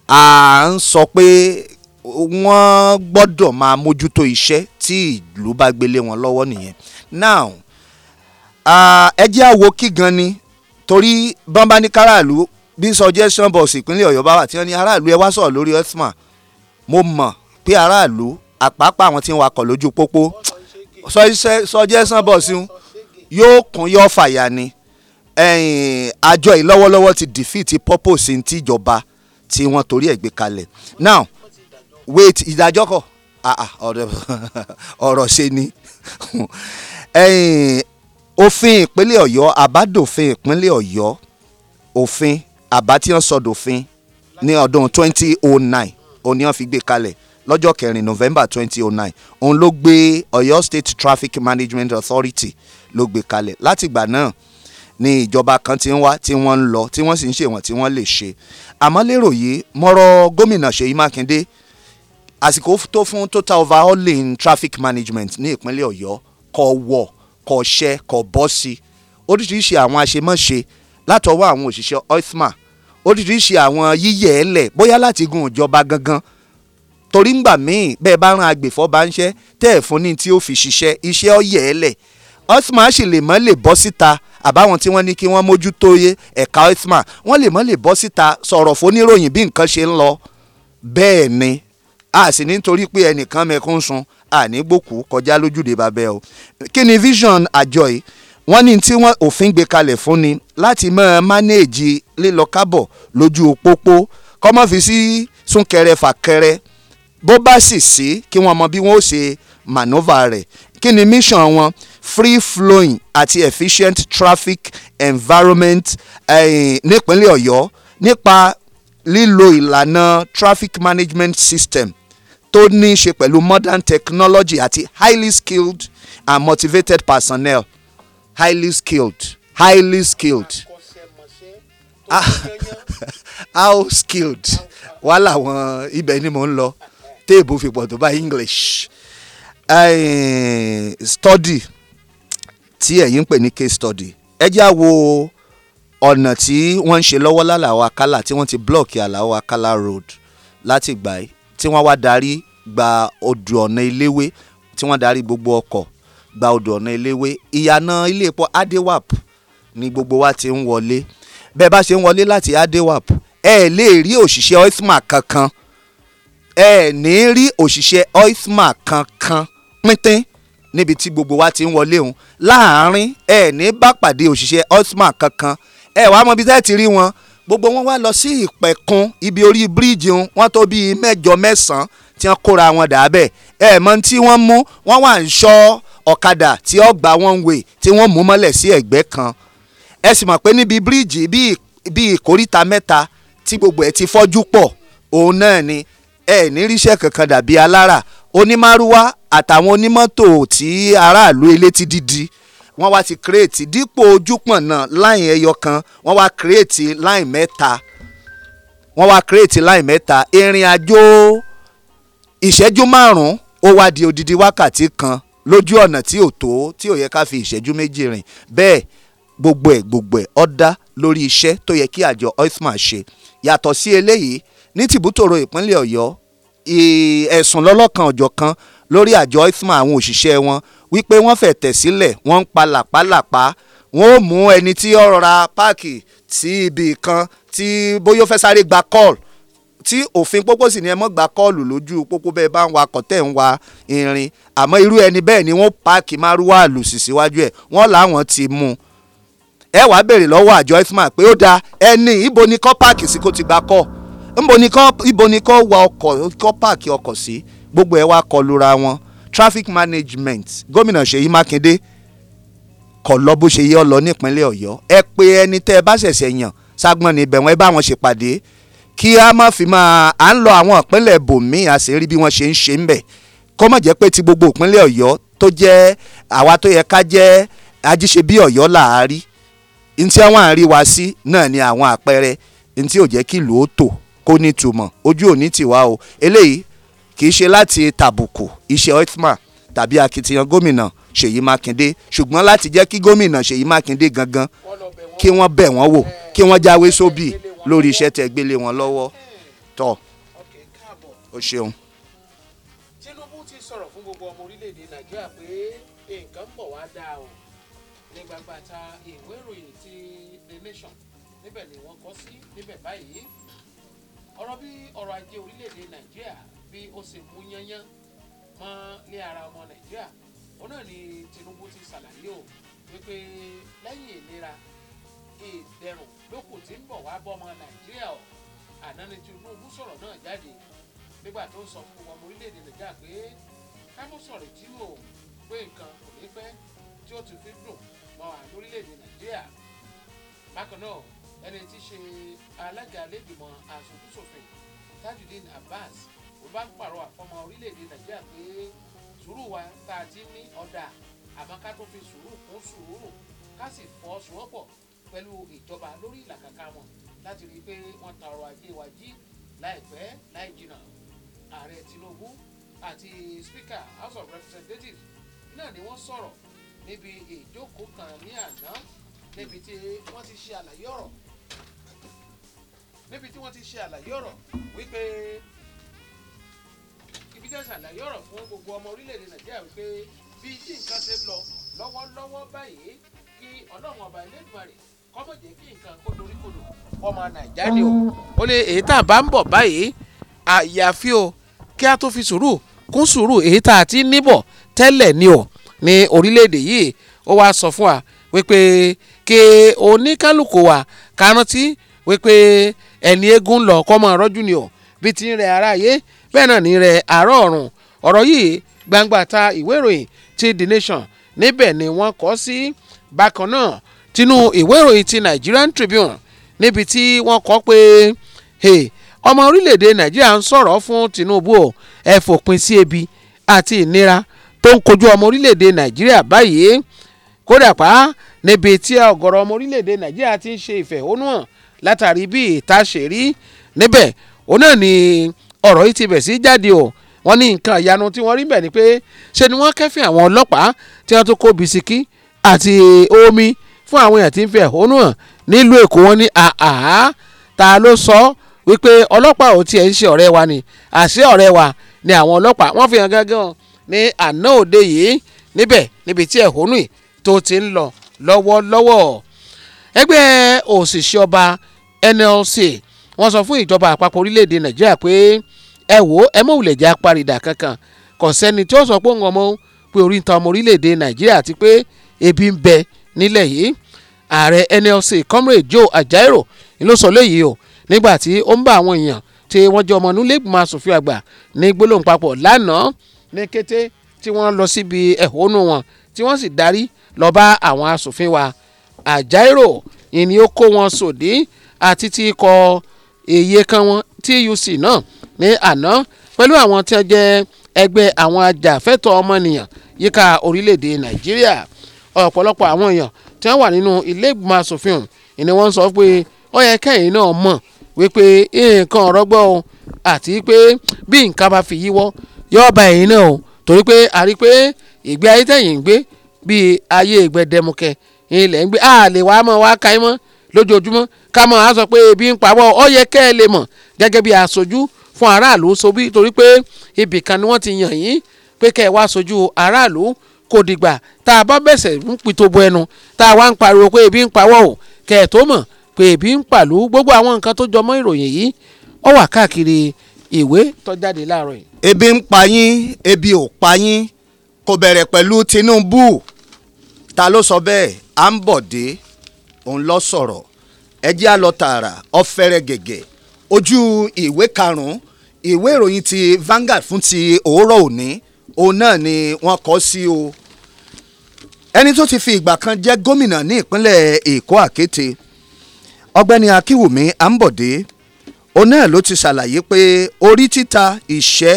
à ń sọ pé wọ́n gbọ́dọ̀ máa mójútó iṣẹ́ tí ìlú bá gbélé wọn lọ́wọ́ nìyẹn now ẹ àwo kí gan ni torí bọ́nbá ní bí suggestion box ìpínlẹ̀ ọ̀yọ́ bá wà tí wọ́n ní aráàlú ẹ wá sọ̀rọ̀ lórí osman mo mọ̀ pé aráàlú àpápá àwọn tí ń wakọ̀ lójú pópó suggestion box yóò kún yóò fàyà ni àjọ yìí ti defeat purpose ti ìjọba tí wọ́n torí ẹ̀ gbé kalẹ̀ now wait ìdájọ́ kọ̀ ah, ah, ọ̀rọ̀ ṣe ni òfin ìpínlẹ̀ ọ̀yọ́ àbádòfin ìpínlẹ̀ ọ̀yọ́ òfin àbá tí wọ́n sọ dòfin ní ọdún 2009 òní wọ́n fi gbé kalẹ̀ lọ́jọ́ kẹrin november 2009 òun ló gbé ọ̀yọ́ state traffic management authority ló gbé kalẹ̀ látìgbà náà ni ìjọba kan ti ń wá tí wọ́n ń lọ tí wọ́n sì ń ṣe wọ́n tí wọ́n lè ṣe àmọ́ lérò yìí mọ́rọ̀ gómìnà Ṣèyí Mákindé àsìkò tó fún total overhauling traffic management ní ìpínlẹ̀ Ọ̀yọ́ kọ wọ̀ kọ ṣẹ́ kọ bọ́ sí oríṣiríṣi àwọn àṣemáṣe látọwọ́ àwọn òṣìṣẹ́ oithma oríṣiríṣi àwọn yíyẹ ẹlẹ̀ bóyá láti gun ìjọba gangan torí ngbà míì bẹ́ẹ̀ bá ran agbèfọ́ba ńṣẹ́ tẹ́ ẹ̀ fún ní tí ó fi ṣiṣẹ́ iṣẹ́ ọ̀yẹ̀ ẹlẹ̀ oithma sì lè mọ́ lè bọ́ síta àbáwọn tí wọ́n ní kí wọ́n mójútó yé ẹ̀ka itma wọ́n lè mọ́ lè bọ́ síta sọ̀rọ̀ fóníròyìn bí nǹkan ṣe ń lọ bẹ́ẹ̀ ni a sì nítorí pé ẹnìkan mẹ́kún sun ànígbòkú kọjá lójúde bàbẹ́ o kí ni vision àjọ yìí wọ́n ní tí wọ́n òfin gbé kalẹ̀ fún ni láti máa mánéèjì lílọ kábọ̀ lójú òpópó kọ́mọ́ fi sí súnkẹrẹ fàkẹrẹ bó bá sì sí kí wọ́n mọ bí wọ́n ó ṣe mànúfà rẹ̀ kí ni mission wọn free flowing àti efficient traffic environment eh, nípínlẹ̀ ọ̀yọ́ nípa lílo ìlànà traffic management system tó ní í ṣe pẹ̀lú modern technology àti highly skilled and motivated personnel highly skilled highly skilled ah, how skilled wàhálà wọn ibẹ̀ ni mò ń lọ téèbù fipọ̀ tó bá English study tí ẹ̀yin ń pè ní case study ẹ já wo ọ̀nà tí wọ́n ń ṣe lọ́wọ́ lálàó akálà tí wọ́n ti blọ́ọ̀kì àlàó akálà road láti gbà yìí tí wọ́n wá darí gba odò ọ̀nà iléwé tí wọ́n darí gbogbo ọkọ̀ gba odò ọ̀nà iléwé ìyànà ilé adewap ni gbogbo wa ti ń wọlé bẹ́ẹ̀ bá ṣe ń wọlé láti adewap ẹ eh, lè rí òṣìṣẹ́ oisma kankan ẹ eh, ní rí òṣìṣẹ́ oisma kankan pínpín níbi tí gbogbo wa ti ń wọlé òun láàárín ẹ ní bá pàdé òṣìṣẹ́ osman kankan ẹ wàá mọ ibi tẹ́ ti rí wọn gbogbo wọn wá lọ sí ìpẹ̀kun ibi orí bíríìjì òun wọ́n tó bíi mẹ́jọ mẹ́sàn-án tí wọ́n kóra wọn dà bẹ́ẹ̀ ẹ mọ tí wọ́n mú wọ́n wà ń ṣọ́ ọ̀kadà tí ọgbà one way tí wọ́n mú mọ́lẹ̀ sí ẹ̀gbẹ́ kan ẹ sì mọ̀ pé níbi bíríìjì bíi ìkóríta mẹ́ta tí gbogbo ẹ̀ ti fọ́jú pọ̀ òun náà ni ẹ ní ríṣẹ́ kankan dàbí alára onímárúwá àtàwọn onímọ́tò tí aráàlú elétí dídí wọ́n wá ti kírètì dípò ojúpọ̀n náà láì ẹyọ kan wọ́n wá kírètì láì mẹ́ta wọ́n wá kírètì láì mẹ́ta ìrìn àjò ìṣẹ́jú márùn-ún ó wá di odidi wákàtí kan lójú ọ̀nà tí ò tó tí ò yẹ ká fi ìṣẹ́jú méjì rìn bẹ́ẹ̀ gbogbo ẹ̀ gbogbo ẹ̀ ọ̀dá lórí iṣẹ́ tó yẹ kí àjọ oisma ṣe yàtọ̀ sí eléyìí ní tìbútòrò ìpínlẹ̀ ọ̀yọ́ ẹ̀sùn lọ́lọ́kan ọ̀jọ̀ kan lórí àjọ isma àwọn òṣìṣẹ́ wọn wípé wọ́n fẹ̀tẹ̀ sílẹ̀ wọ́n ń palàpálàpá wọ́n ó mú ẹni tí ó rọra páàkì sí ibì kan tí bóyá ó fẹ́ sáré gba kọ́ọ̀lù tí òfin pópó sì ni ẹ mọ́ gba kọ́ọ̀lù lójú pópó bẹ́ẹ̀ bá ń wa kọ̀tẹ́ ń wa irin àmọ́ irú ẹni bẹ́ẹ̀ ni wọ́n páàkì márúwá lùsì síwájú ẹ̀ wọ́n làwọn ti mú un ẹ wàá béèrè lọ́wọ́ àjọ ifma pé ó da ẹni ibo ni kọ́ páàkì sí kó ti gba kọ́ ibo ni kọ́ wa ọkọ̀ kọ́ páàkì ọkọ̀ sí. Si gbogbo ẹ̀ wá kọlura wọn traffic management gómìnà Ṣèyí Mákindé kọ̀ lọ bó ṣe yẹ ọ lọ nípínlẹ̀ Ọ̀yọ́ ẹ pé ẹni tẹ́ ẹ bá ṣẹ̀ṣẹ̀ yàn ságbọ́n ní ibẹ̀ wọn ẹ bá wọn ṣèpàdé kí a má fi máa à ń lọ àwọn ìpínlẹ̀ bòmí a bí wọ́n ṣe ń ṣe ń bẹ̀ kó má jẹ́ pé ti gbogbo ìpínlẹ̀ Ọ̀yọ́ tó jẹ́ àwa tó yẹ ká jẹ́ ajíṣe bí Ọ̀yọ́ làárí ntí àwọn àríwá sí náà ni àwọn àpẹẹrẹ ntí ò jẹ́ kí ìlú ó tò kó nítumọ̀ ojú òní tiwa o eléyìí kì í ṣe láti tàbùkù iṣẹ́ oitman tàbí akitiyan gómìnà ṣèyí mákindé ṣùgbọ́n láti jẹ́ kí gómìnà ṣèyí mákindé gangan kí wọ́n bẹ̀ wọ́n wò kí wọ́n jáwé sóbì lórí iṣẹ́ tẹ́ gbélé wọn lọ́wọ́ tọ́ o ṣeun. tinubu ti sọ̀rọ̀ fún gbogbo ọmọ orílẹ̀-èdè nàìjíríà pé nǹkan bọ̀ wá dáa o ní gbangba ta ìwé ìròyìn ti the nation níbẹ̀ ni wọ́n kọ sí níbẹ̀ báyìí ọ̀rọ̀ bí ọrọ̀ ajé orílẹ̀-èdè nàìjíríà tí ó sì kú yányán mọ́ lé ara ọmọ nàìjíríà òun náà ni Tinubu ti ṣàlàyé o wípé lẹ́yìn ìlera ìdẹ̀rùn lókù tí ń bọ̀ wá bọ́mọ nàìjíríà o àná ni Tinubu sọ̀rọ̀ náà jáde nígbà tó ń sọ fún ọmọ orílẹ̀-èdè nàìjíríà pé kámúsọ̀rọ̀ tí o pé nǹkan kò ní pẹ́ tí ó ti fi dùn mọ́ wa lórílẹ̀-èdè nàìjíríà bákan náà ẹni tí í ṣe alága lẹ́gbìmọ̀ aṣojúṣòfin Tajudeen Abbas ló bá ń pàrọ̀ àfọmọ orílẹ̀-èdè nàìjíríà pé sùúrù wa tá a ti ní ọ̀dà àmọ́ ká tó fi sùúrù kún sùúrù ká sì fọ́ sùwọ́pọ̀ pẹ̀lú ìjọba lórí ìlàkàkà wọn láti rí i pé wọ́n ta ọrọ̀ ajé wa jí láìpẹ́ láì jìnnà ààrẹ tinubu àti speaker house of representatives náà ni wọ́n sọ̀rọ̀ níbi ìjókòó kan ní àná níbi tí wọ́n ti ṣe àlàyé ọ̀rọ̀ níbi tí wọ́n ti ṣe àlàyé ọ̀rọ̀ wípé Babájídé ṣàlàyé ọ̀rọ̀ fún gbogbo ọmọ orílẹ̀-èdè Nàìjíríà wípé bí tí nǹkan ṣe ń lọ lọ́wọ́lọ́wọ́ báyìí kí Ọlọ́run ọba Elédùmarè kọ́mọ̀ jẹ́ kí nǹkan kó dorí kodò ọmọ Nàìjá ni o. ó ní èyí tá à bá ń bọ̀ báyìí àyàfi o kí a tó fi sùúrù kún sùúrù èyí tá a ti níbọ̀ tẹ́lẹ̀ ni o ní orílẹ̀-èdè yìí ó wáá sọ fún wa wípé kí oníkálukú wa ká wípé ẹni eégún lọ kọ́mọ rọ́jú ni o bí ti ń rẹ aráyé bẹ́ẹ̀ náà ní rẹ àárọ̀ ọ̀run ọ̀rọ̀ yìí gbangba ta ìwé ìròyìn ti The Nation níbẹ̀ ni wọ́n kọ́ sí bákan náà tinú ìwé ìròyìn ti Nigerian Tribune níbi tí wọ́n kọ́ pé ọmọ orílẹ̀-èdè Nàìjíríà ń sọ̀rọ̀ fún Tinubu o ẹ fòpin sí ebi àti ìnira tó ń kojú ọmọ orílẹ̀-èdè Nàìjíríà báyìí kódà pa níbi tí ọ̀gọ̀rọ̀ ọmọ orílẹ̀-èdè Nàìjíríà ti ń ṣe ìfẹ̀hónúhàn látàrí bí ìta ṣe rí níbẹ̀ òun náà ni ọ̀rọ̀ yìí ti bẹ̀ sí jáde o wọ́n ní nǹkan ìyanu tí wọ́n rí bẹ̀ ni pé ṣe ni wọ́n kẹ́fìn àwọn ọlọ́pàá tí wọ́n tún kó bisikí àti omi fún àwọn èèyàn tí ń fi ẹ̀hónú hàn nílùú èkó wọn ní àhàhà ta ló sọ wípé ọlọ́pàá ò tiẹ̀ ń ṣe ọ̀rẹ́ wa ni àṣé ọ̀rẹ́ wa ni àwọn ọlọ́pàá wọ́n fi hàn gángan ní àná òde yìí níbẹ̀ níbi tí ẹ̀hónú yìí tó ti ń lọ lọ́wọ́lọ́wọ́ ẹgbẹ́ òṣìṣẹ́ ọba NLC wọ́n sọ fún ìjọba àpapọ̀ orílẹ̀‐èdè nàìjíríà pé ẹ wò ẹ mọ̀ wùlẹ̀ jẹ́ apárìdà kankan kò sẹ́ni tí ó sọ pé òun ọmọ pé orí ń ta ọmọ orílẹ̀‐èdè nàìjíríà àti pé ebi ń bẹ nílẹ̀ yìí ààrẹ NLC comrade Joe Ajaero ló sọ léyìí o nígbà tí ó ń bá àwọn èèyàn tí wọ́n jẹ́ ọmọ nílẹ̀gbọ̀n asòfin àgbà ní gbólóhùn papọ̀ lánàá ní kété tí wọ́n lọ síbi ẹ̀hónú wọn tí wọ́n sì darí lọ bá àwọn asòfin wa Ajaero ìní ó kó wọn sòdí àti ti ikọ̀ èyí kan wọn TUC náà ní àná pẹ̀lú àwọn tí wọ́n jẹ́ ẹgbẹ́ àwọn ajàfẹ́tọ̀ọ́ ọmọnìyàn yíká orílẹ̀-èdè Nàìjíríà ọ̀pọ̀lọpọ̀ àwọn èèyàn tí wọ́n wà nínú ilé ìgbìmọ̀ asòfin ọ̀hún ni wọ́n sọ pé ó yẹ kẹ́yìn náà mọ̀ wípé nǹkan ọ̀rọ̀gbọ́ o àti pé bí nǹkan bá fi yíwọ́ yóò bá ẹ̀yìn náà o torí pé a rí pé ìgbé ayé tẹ̀yìn ń gbé bíi ayé ìgbẹ́ dẹmukẹ́ ilẹ̀ ń gbé a lè wá mọ́ ka ẹ mọ́ lójoojúmọ́ kámọ́ a sọ pé ebi ń pawọ́ ọ yẹ kẹ́ ẹ lè mọ̀ gẹ́gẹ́ bí aṣojú fún aráàlú sobí torí pé ibì kan ni wọ́n ti yàn yín pé kẹ́ ẹ wá aṣojú aráàlú kò dìgbà tá a bá bẹ̀sẹ̀ ń pitobo ẹnu tá a wá ń pariwo pé ebi ń pawọ́ o kẹ́ ẹ tó mọ̀ pé ebi ń pàlú gbogbo àwọn nǹkan tó jọmọ́ ìròyìn yìí ó wà káàkiri ìwé tó jáde láàárọ̀ yìí. ebi ń pa yín ebi ò pa yín kò bẹ̀rẹ̀ pẹ̀lú Tinubu ta ló sọ bẹ́ẹ̀ Ambode òun ló sọ̀rọ̀ ẹjẹ́ àlọ́ tààrà ọ̀fẹ́rẹ́ gẹ̀gẹ̀ ojú ìwé karùn-ún ìwé ìròyìn ti Vanguard fún ti òórọ̀ òní òun náà ni wọ́n kọ sí o ẹni tó ti fi ìgbà kan jẹ́ gómìnà ní ìpínlẹ̀ Èkó Àkété ọ̀gbẹ́ni Akínwùmí Ambode òun náà ló ti ṣàlàyé pé orí títa ìṣẹ́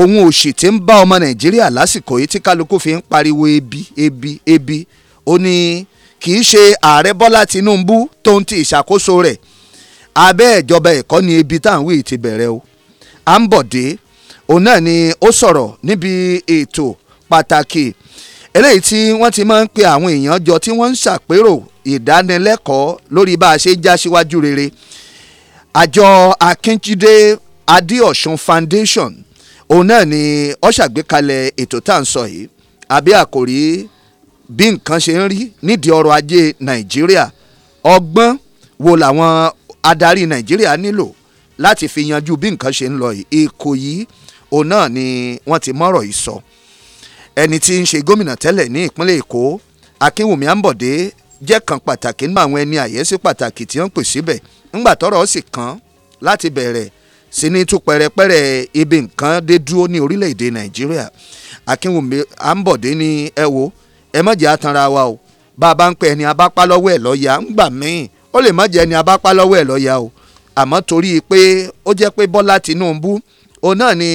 òun òṣì tí ń bá ọmọ Nàìjíríà lásìkò yìí tí kálukú fi ń pariwo ebi ebi ebi ó ní. Oni kì í ṣe ààrẹ bọ́lá tinúbú tó ń ti ìṣàkóso rẹ̀ abẹ́ ìjọba ẹ̀kọ́ ni ibi tá à ń wí ti bẹ̀rẹ̀ o Ambode òun náà ni ó sọ̀rọ̀ níbi ètò pàtàkì eléyìí tí wọ́n ti máa ń pe àwọn èèyàn jọ tí wọ́n ń ṣàpérò ìdánilẹ́kọ̀ọ́ lórí bá a ṣe já síwájú rere àjọ Akíntúndé Adéọ̀sùn Foundation òun náà ni ó ṣàgbékalẹ̀ ètò tá à ń sọ yìí àbí àkòrí bí nǹkan ṣe ń rí nídìí ọrọ̀ ajé nàìjíríà ọgbọ́n wo làwọn adarí nàìjíríà nílò láti fi yanjú bí nǹkan ṣe ń lọ yìí Ìkòyí òun náà ni wọ́n ti mọ́rọ̀ yìí sọ ẹni tí ń ṣe gómìnà tẹ́lẹ̀ ní ìpínlẹ̀ èkó akínwùmí àǹbọ̀dé jẹ́ kan pàtàkì nínú àwọn ẹni àyẹ́sí pàtàkì tí wọ́n pè síbẹ̀ ńgbà tọ́rọ̀ sì kàn láti bẹ̀rẹ̀ sí ní tú pẹrẹpẹrẹ ibi nǹkan dé dúró ní orílẹ̀-èdè nàìjíríà akínwùmí àǹbọ̀dé ní ẹ wo ẹ má jẹ́ àtànra wa o bá a bá ń pẹ́ ẹni abápá lọ́wọ́ ẹ̀ lọ́ọ́yà ń gbà míì ó lè má jẹ́ ẹni abápá lọ́wọ́ ẹ̀ lọ́ọ́yà o àmọ́ torí pé ó jẹ́ pé Bọ́lá Tinubu òun náà ni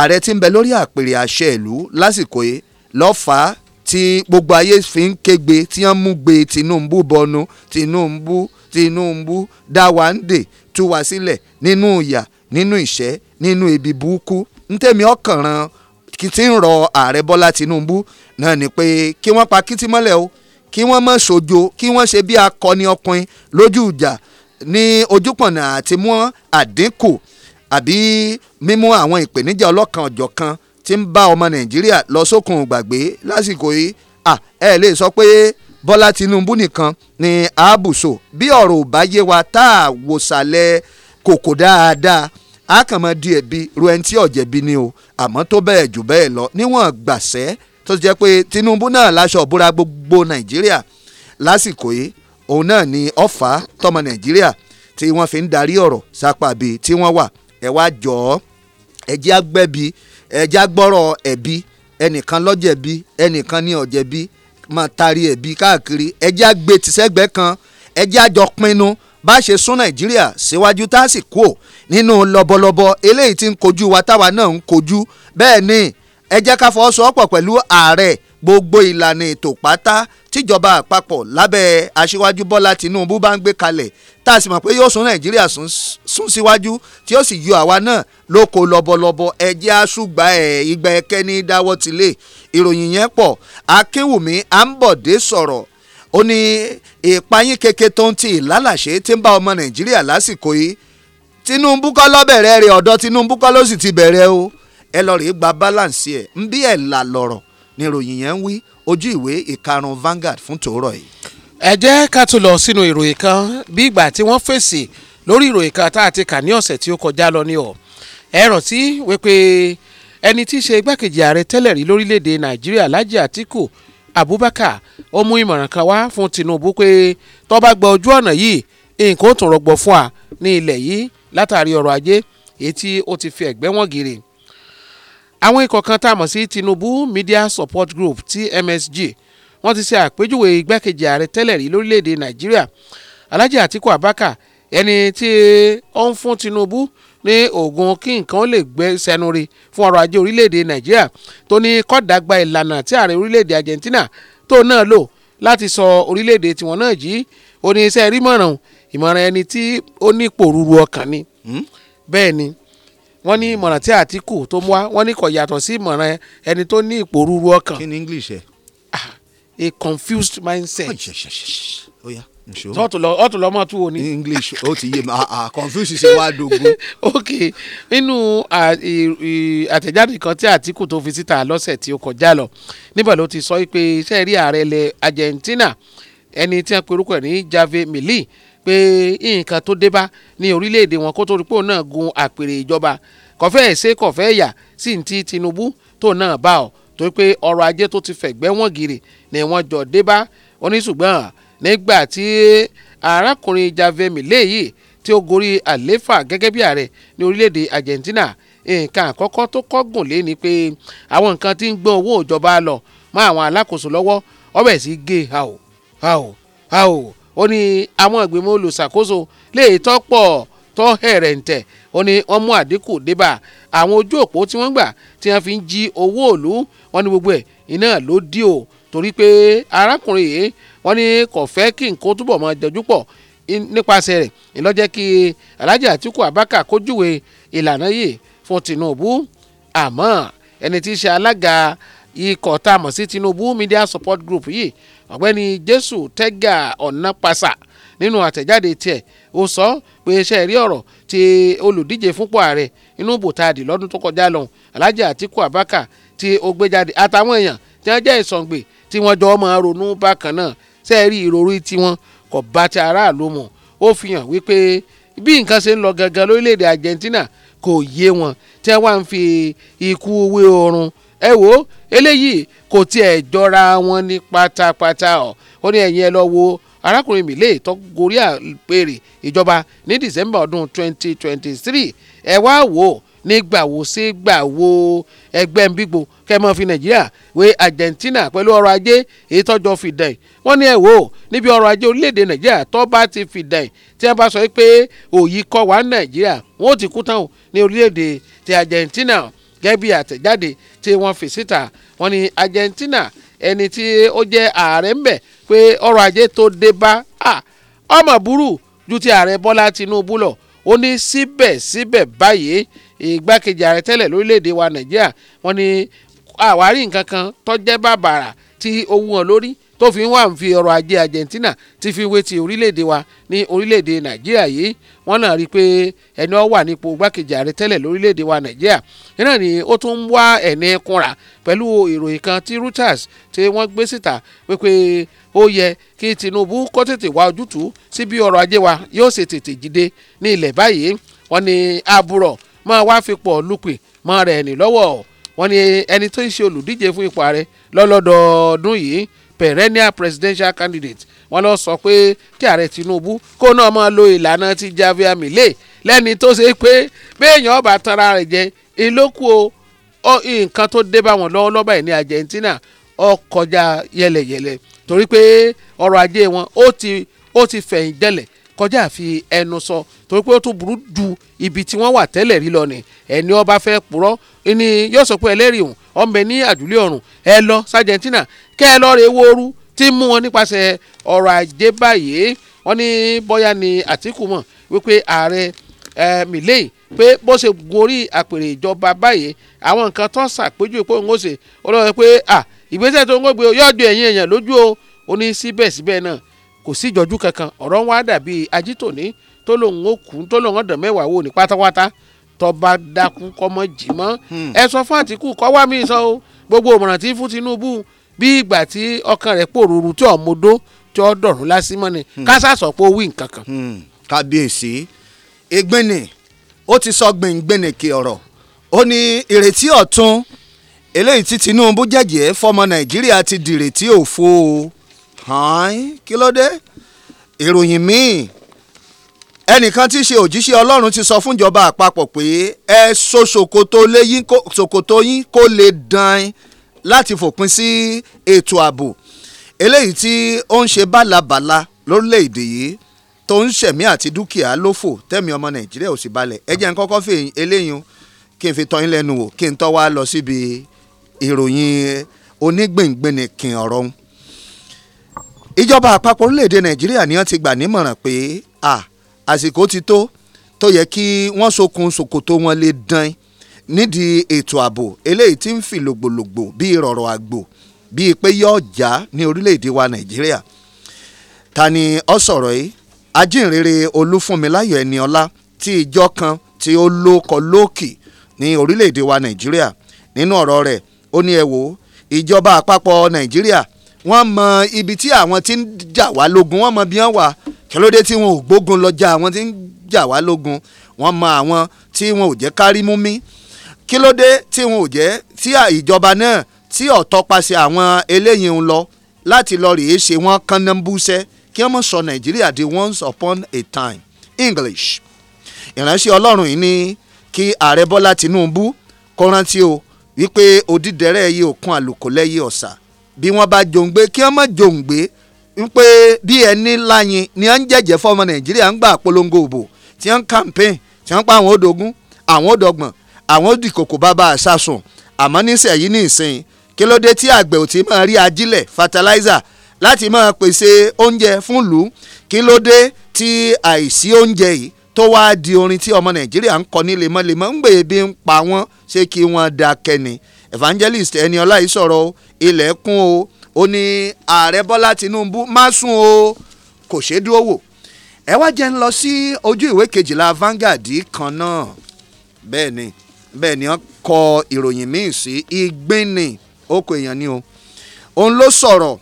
ààrẹ ti ń bẹ lórí àpèrè àṣẹ ìlú lásìkò yìí lọ́fàá tí gbogbo ayé fi ń kégbe tí wọ́n mú gbé Tinubu bọnu Tinubu Tinubu dá wa ń dè tú sílẹ̀ nínú ìyà nínú ìṣẹ́ nínú ibi burúkú ntẹ̀mí ọkàn ràn tí ń rọ ààrẹ bọ́lá tinubu náà ni pé kí wọ́n pa kìtì mọ́lẹ̀ o kí wọ́n mọ̀ sojo kí wọ́n ṣe bí akọni ọkùnrin lójú ìjà ní ojúpọ̀nà àti mú àdínkù àbí mímú àwọn ìpèníjà ọlọ́kan ọ̀jọ̀kan tí ń bá ọmọ nàìjíríà lọ sókun gbàgbé lásìkò yìí ẹ lè sọ pé bọ́lá tinubu nìkan ni àábùsọ bí ọ̀rọ̀ ò bá yé wa tá a wòsàlẹ̀ kòkò dáadáa a kàn máa di ẹ̀bi ru ẹni tí ọ̀jẹ̀bi ni o àmọ́ tó bẹ́ẹ̀ jù bẹ́ẹ̀ lọ níwọ̀n gbàṣẹ́ tó ti jẹ́ pé Tinubu náà láṣọ òbúra gbogbo Nàìjíríà lásìkò yìí òun náà ni ọ̀fà tọmọ Nàìjíríà tí wọ́n fi ń darí ọ̀rọ̀ sápá bíi tí wọ́n wà ẹ̀ wá jọ ọ́ ẹ̀jẹ̀ agbẹ́bi ẹ̀jẹ̀ agbọ́rọ̀ ẹ̀bi ẹnìkan lọ́jẹ̀bi ẹnìkan ní ọ̀jẹ̀bi máa taari ẹ̀bi káàkiri ẹ̀jẹ̀ agbẹ́ kan ẹ̀jẹ̀ àjọ pinnu bá ṣe sún Nàìjíríà síwájú tá a nínú lọ́bọ̀lọ́bọ̀ eléyìí tí ń kojú wa táwa náà ń kojú bẹ́ẹ̀ ni ẹ jẹ́ ká fọwọ́sowọ́pọ̀ pẹ̀lú ààrẹ gbogbo ìlànà ètò pátá tíjọba àpapọ̀ lábẹ́ aṣíwájú bọ́lá tinúbú bá ń gbé kalẹ̀ tá a sì mọ̀ pé yóò sún nàìjíríà sún síwájú tí yóò sì yọ àwa náà lóko lọ́bọ̀lọ́bọ̀ ẹjẹ́ àṣùgbà ẹ̀ ìgbà ẹ̀kẹ́ ní dáwọ́ tilé ìròyìn yẹn pọ̀ akínwùmí àǹbọ̀dé sọ̀rọ̀ ó ní ìpayín keke tó ń ti ìlálàṣe tí ń bá ọmọ nàìjíríà lásìkò yìí Tinubu kọ́ ló bẹ̀rẹ̀ rẹ̀ ọ̀dọ̀ Tinubu kọ́ ló sì ti bẹ̀rẹ̀ o ẹ lọ rèé gba balance ẹ̀ ń bí ẹ̀ là lọ̀rọ̀ ni ìròyìn yẹn ń wí ojú ìwé ìkarùn Vanguard fún tòórọ̀ yìí. ẹ jẹ́ ká tún lọ sínú ìròyìn kan bí ìgbà tí wọ́n fèsì lórí ìròyìn kan tá a ti kà ní ọ̀sẹ̀ tí ó kọjá lọ ní ọ̀ ẹ rántí wípé ẹni tí í ṣe igbákejì ààrẹ tẹ́lẹ̀ rí lórílẹ̀‐èdè Nàìjíríà Lájì Àtíkù Abubakar ó mú ìmọ̀ràn kan wá fún Tinubu pé tó bá gba ojú ọ̀nà yìí nǹkan ó tún rọgbọ fún wa ní ilẹ̀ yìí látàrí ọrọ̀ ajé èyí tí ó ti fi ẹ̀gbẹ́ wọn gèrè àwọn ikọ̀ kan tá a mọ̀ sí Tinubu Media Support Group TMSG wọ́n ti ṣe àpéjúwe igbákejì ààrẹ tẹ́lẹ̀ rí lórílẹ̀‐èdè Nàìjíríà Alhaji Atiku Abaka ẹni tí ó ń fún Tinubu ní oògùn kí nǹkan ó lè gbé sẹ́nu rí fún ọrọ̀ ajé orílẹ̀‐èdè Nàìjíríà tó ní kọ́dàgbà ìlànà tí ààrẹ orílẹ̀‐èdè Argentina tó náà lò láti sọ orílẹ̀‐èdè tiwọn náà jí oníṣẹ́ rímọ̀ràn ìmọ̀ràn ẹni tí ó ní pòrúurú ọkàn ni hmm? bẹ́ẹ̀ ni wọ́n ní ìmọ̀ràn tí Àtíkù tó mú wa wọ́n ní kò yàtọ̀ sí ìmọ̀ràn ẹni tó ní ìpòrúurú ọkàn. kí ni English ẹ. ah a confused mindset. ó yá nṣó. ọ̀tún lọ ọ̀tún lọ mọ̀ tún wo ni. English ó ti yé mi ah, ah confused ṣe wá dogun. ok nínú àtẹ̀jáde kan tí Àtíkù tó fi síta lọ́sẹ̀ tí ó kọjá lọ níbẹ̀ ló ti sọ pé iṣẹ́ rí ààrẹ ilẹ̀ Argentina ẹni tí wọ́n pe orúkọ ẹ̀ ní Javier Milei pé nǹkan tó dé bá ní orílẹ̀-èdè wọn kó tó rí pò náà gun àpèrè ìjọba kọ̀fẹ́ ẹ̀ṣẹ́ kọ̀fẹ́ ẹ̀yà sí ti Tinubu tó náà bá ọ torí pé ọrọ̀ ajé tó ti fẹ̀gbẹ́ wọn gírì ni wọ́n jọ dé bá oníṣùgbọ́n nígbà tí arákùnrin Javier Milei yìí tí ó gorí àléfà gẹ́gẹ́ bí ààrẹ ní orílẹ̀-èdè Argentina nǹkan àkọ́kọ́ tó kọ́gùn lé ni pé àwọn nǹkan tí ń gbọ́n owó ìjọba lọ mọ́ àwọn alákòóso lọ́wọ́ ọbẹ̀ sí gé e. hàò hàò hàò ó ní àwọn ìgbìmọ̀ olùṣàkóso lè tọ́pọ̀ tọ́ hẹ̀rẹ̀ǹtẹ̀ ó ní wọ́n mú àdínkù débà àwọn ojú òpó tí wọ́n gbà tí wọ́n fi ń jí owó òlu wọ́n ní gbogbo ẹ̀ iná ló dí o torí pé arákùnrin yìí wọ́n ní kò fẹ́ kí nǹkan túbọ̀ mọ́ jọjú pọ̀ nípasẹ̀ rẹ̀ ìlọ́jẹ́ kí Alhaji Atiku Abaka kójúwe ìlànà yìí fún Tinubu àmọ́ ẹni tí í ṣe alága ikọ̀ tá a mọ̀ sí Tinubu Media Support Group yìí ọ̀gbẹ́ni jésù tẹ́gà ọ̀nà pàṣà nínú àtẹ̀jáde tiẹ̀ ó sọ pé iṣẹ́ rí ọ̀rọ̀ ti olùdíje fúnpọ̀ ààrẹ inú bòtadì lọ́dún tó kọjá lọ́hùn alhaji atiku abaka tí ó gbé jáde àtàwọn èèyàn tí wọ́n jẹ́ ìsọ̀ǹgbè tí wọ́n jọ máa ronú bákan náà sẹ́ẹ̀rí ìròrí tiwọn kò bá ti aráàlú mu ó fi hàn wípé bí nǹkan ṣe ń lọ gangan lórílẹ̀‐èdè Argentina kò yé wọn tí wọ́n wá ń fi ikú wé oorun ẹ wò ó eléyìí kò tiẹ̀ jọra wọn ní pátápátá ọ̀ ó ní ẹ̀yin ẹ lọ wo arákùnrin milé tó gorí àpèrè ìjọba ní december ọdún 2023 ẹ wá wò ó nígbà wo sí gbà wo ẹgbẹ́ ń bígbó kẹ́mọ́ fi nàìjíríà wé argentina pẹ̀lú ọrọ̀ ajé èyí tọ́jọ́ fìdàn wọ́n ní ẹ̀ wò ó níbi ọrọ̀ ajé orílẹ̀-èdè nàìjíríà tó bá ti fìdàn tí wọ́n bá sọ pé òyì wa nàìjíríà wọ́n ti kú tán ní orílẹ̀-èdè ti argentina gẹ́bí àtẹ̀jáde tí wọ́n fi síta wọ́n ní Argentina ẹni tí ó jẹ́ ààrẹ ń bẹ̀ pé ọrọ̀ ajé tó dé bá ọmọ burú ju ti ààrẹ Bọ́lá Tinubu lọ ó ní síbẹ̀síbẹ̀ báyìí ìgbákejì ààrẹ tẹ́lẹ̀ lórílẹ̀‐èdè wa Nàìjíríà wọ́n ní àwárí nǹkan kan tó bàbàrà tí ó wù wọ́n lórí tó fi wá ń fi ọrọ̀ ajé Argentina ti fi wé ti orílẹ̀-èdè wa ní orílẹ̀-èdè Nàìjíríà yìí wọ́n náà rí i pé ẹni ọ wà nípò gbákejì ààrẹ tẹ́lẹ̀ lórílẹ̀-èdè wa Nàìjíríà iná ni ó tún ń wá ẹ̀ní kúnra pẹ̀lú ìròyìn kan tí Reuters tí wọ́n gbé síta wípé ó yẹ kí Tinubu kó tètè wá ojútùú sí bí ọrọ̀ ajé wa yóò ṣe tètè jíde ní ilẹ̀ báyìí wọ́n ní àbúrò máa wá fi pọ̀ lùpè mọ́ rẹ̀ ní lọ́wọ́ wọ́n ní ẹni tó ń ṣe olùdíje fún ipò ààrẹ lọ́lọ́dọọdún yìí perennial presidential candidate wọ́n lọ sọ pé kí ààrẹ Tinubu kó náà máa lo ìlànà ti Javier Milei lẹ́ni tó ṣe pé béèyàn ọba tara rẹ̀ jẹ ìlókù o nǹkan tó dé bá wọn lọ́wọ́ lọ́ba ẹ̀ ní Argentina ó kọjá yẹlẹyẹlẹ torí pé ọrọ̀ ajé wọn ó ti ó ti fẹ̀yìn jẹlẹ̀ kọjá àfi ẹnu sọ torí pé ó tún burú ju ibi tí wọ́n wà tẹ́lẹ̀ rí lọ ni ẹni ọba fẹ́ purọ́ ni yóò sọ pé ẹlẹ́rìí òun ọ̀nbẹ ní àdúlé ọ̀run ẹ lọ sargentina kẹ́ ẹ lọ rè wóoru tí mú wọn nípasẹ̀ ọ̀rọ̀ ajé báyìí wọ́n ní bóyá ni Àtìkù mọ̀ wípé ààrẹ Milei pé bó ṣe gorí àpèrè ìjọba báyìí àwọn nǹkan tó ṣàpèjúwe pé òun ó ṣe olóòwe pé à ìgbésẹ̀ tó ń gbé yọ̀ọ́dù ẹ̀yìn èèyàn lójú o ó ní síbẹ̀síbẹ̀ náà kò sí ìjọjú kankan ọ̀rọ̀ ń wá dàbí ajítòní tó lòun ó kú tó lòun ọ̀dọ̀ mẹ́wàá wò ní pátápátá tọba dákú kọmọ jì mọ́ hmm. ẹ sọ fún Àtíkù kọ́ wá mí sọ o gbogbo òmùràn tí fún Tinubu bí ìgbà tí ọkàn rẹ̀ pòrúurú tí ọ̀mọdó tí ó dọ̀rùn lásìmọ́ ni hmm. kásá sọ pé ó wí nǹkan kan. Hmm. kábíyèsí egbeni ó ti sọ gbẹ̀ngbẹ̀nẹ̀kẹ̀ ọ̀rọ̀ ó ní ìrètí ọ̀tun eléyìí tí Tinubu jẹ́jẹ́ fọmọ Nàìjíríà ti dìrètí òfo o hàn kí ló dé ìròyìn míì ẹnìkan tí í ṣe òjíṣẹ́ ọlọ́run ti sọ fúnjọba àpapọ̀ pé ẹ so ṣòkòtò yín kó lè dán láti fòpin sí ètò ààbò eléyìí tí ó ń ṣe bálabàla lórílẹ̀‐èdè yìí tó ń ṣẹ̀mí àti dúkìá lófò tẹ̀mí ọmọ nàìjíríà ò sì balẹ̀ ẹ jẹ́ n kọ́kọ́ fi eléyìí kí n fi tọ́ yín lẹ́nu wò kí n tó wá lọ síbi ìròyìn onígbìngbìnìkìn ọ̀rọ̀ ìjọba àpapọ̀ orílẹ̀‐èdè nàìjíríà ni wọ́n ti gbà nímọ̀ràn pé a àsìkò ti tó tó yẹ kí wọ́n sokun ṣòkòtò wọn lè dán nídìí ètò ààbò eléyìí tí ń fi lògbòlògbò bíi rọ̀rọ̀ àgbò bíi pé yóò já ní orílẹ̀-èdè wa nàìjíríà ta ni ọ sọ̀rọ̀ yìí ajínrere olúfúnmiláyọ̀ ẹni ọlá tí ìjọ kan tí ó lóko lóòkì ní orílẹ̀-èdè wa nàìjíríà nínú ọ̀rọ̀ rẹ̀ ó ní ẹ wò ìjọba àpapọ̀ nàìjíríà wọ́n mọ ibi tí àwọn ti ń jà wá lógun wọ́n mọ bí wọ́n wà kílódé tí wọn ò gbógun lọ́jà àwọn ti ń jà wá lógun wọ́n mọ àwọn tí wọn ò jẹ́ kárí mú mi kílódé tí wọn ò jẹ́ tí ìjọba náà tí ọ̀tọ́ paṣẹ àwọn eléyìí ń lọ láti lọ rèé ṣe wọ́n kánnábúṣẹ́ kí wọ́n sọ nàìjíríà di once upon a time english ìránṣẹ́ ọlọ́run yìí ní kí ààrẹ bọ́lá tinubu kó rántí o wípé odídẹrẹ́ yìí òkun àlùkò lẹ́yìn ọ̀sà bí wọ́n bá jòǹgbé kí wọ́n mọ̀ jòǹgbé wípé bí ẹni láyin ni wọ́n ń jẹ̀jẹ̀ fọmọ nàìjíríà ń gbà polongo òbò tí wọ́n ń campaign tí wọ́n ń pa àwọn odògún àwọn odògbọ̀n àwọn odìkòkò bàbá àṣàsùn àmọ́ nísẹ̀yí ní ìsìn kí ló dé tí àgbẹ̀ ò ti máa rí ajílẹ̀ fertilizer láti máa pèsè oúnjẹ fún ìlú kí ló dé tí àìsí oúnjẹ yìí tó wáá di orin tí ọmọ nàìjíríà ń kọ ní lemọ́lemọ́ ń gbèbí ń pa wọ́n ṣé kí wọ́n dákẹ́ ni evangelist eniola yìí sọ̀rọ̀ ilẹ̀ kún o ó ní ààrẹ bọ́lá tinubu má sùn o kò ṣeé dúró wò ẹ wá jẹ́ ń lọ sí ojú ìwé kejìlá Vanguard kan náà bẹ́ẹ̀ ni bẹ́ẹ̀ ni wọ́n kọ ìròyìn míì sí ìgbínni oko èèyàn ni o òun ló sọ̀rọ̀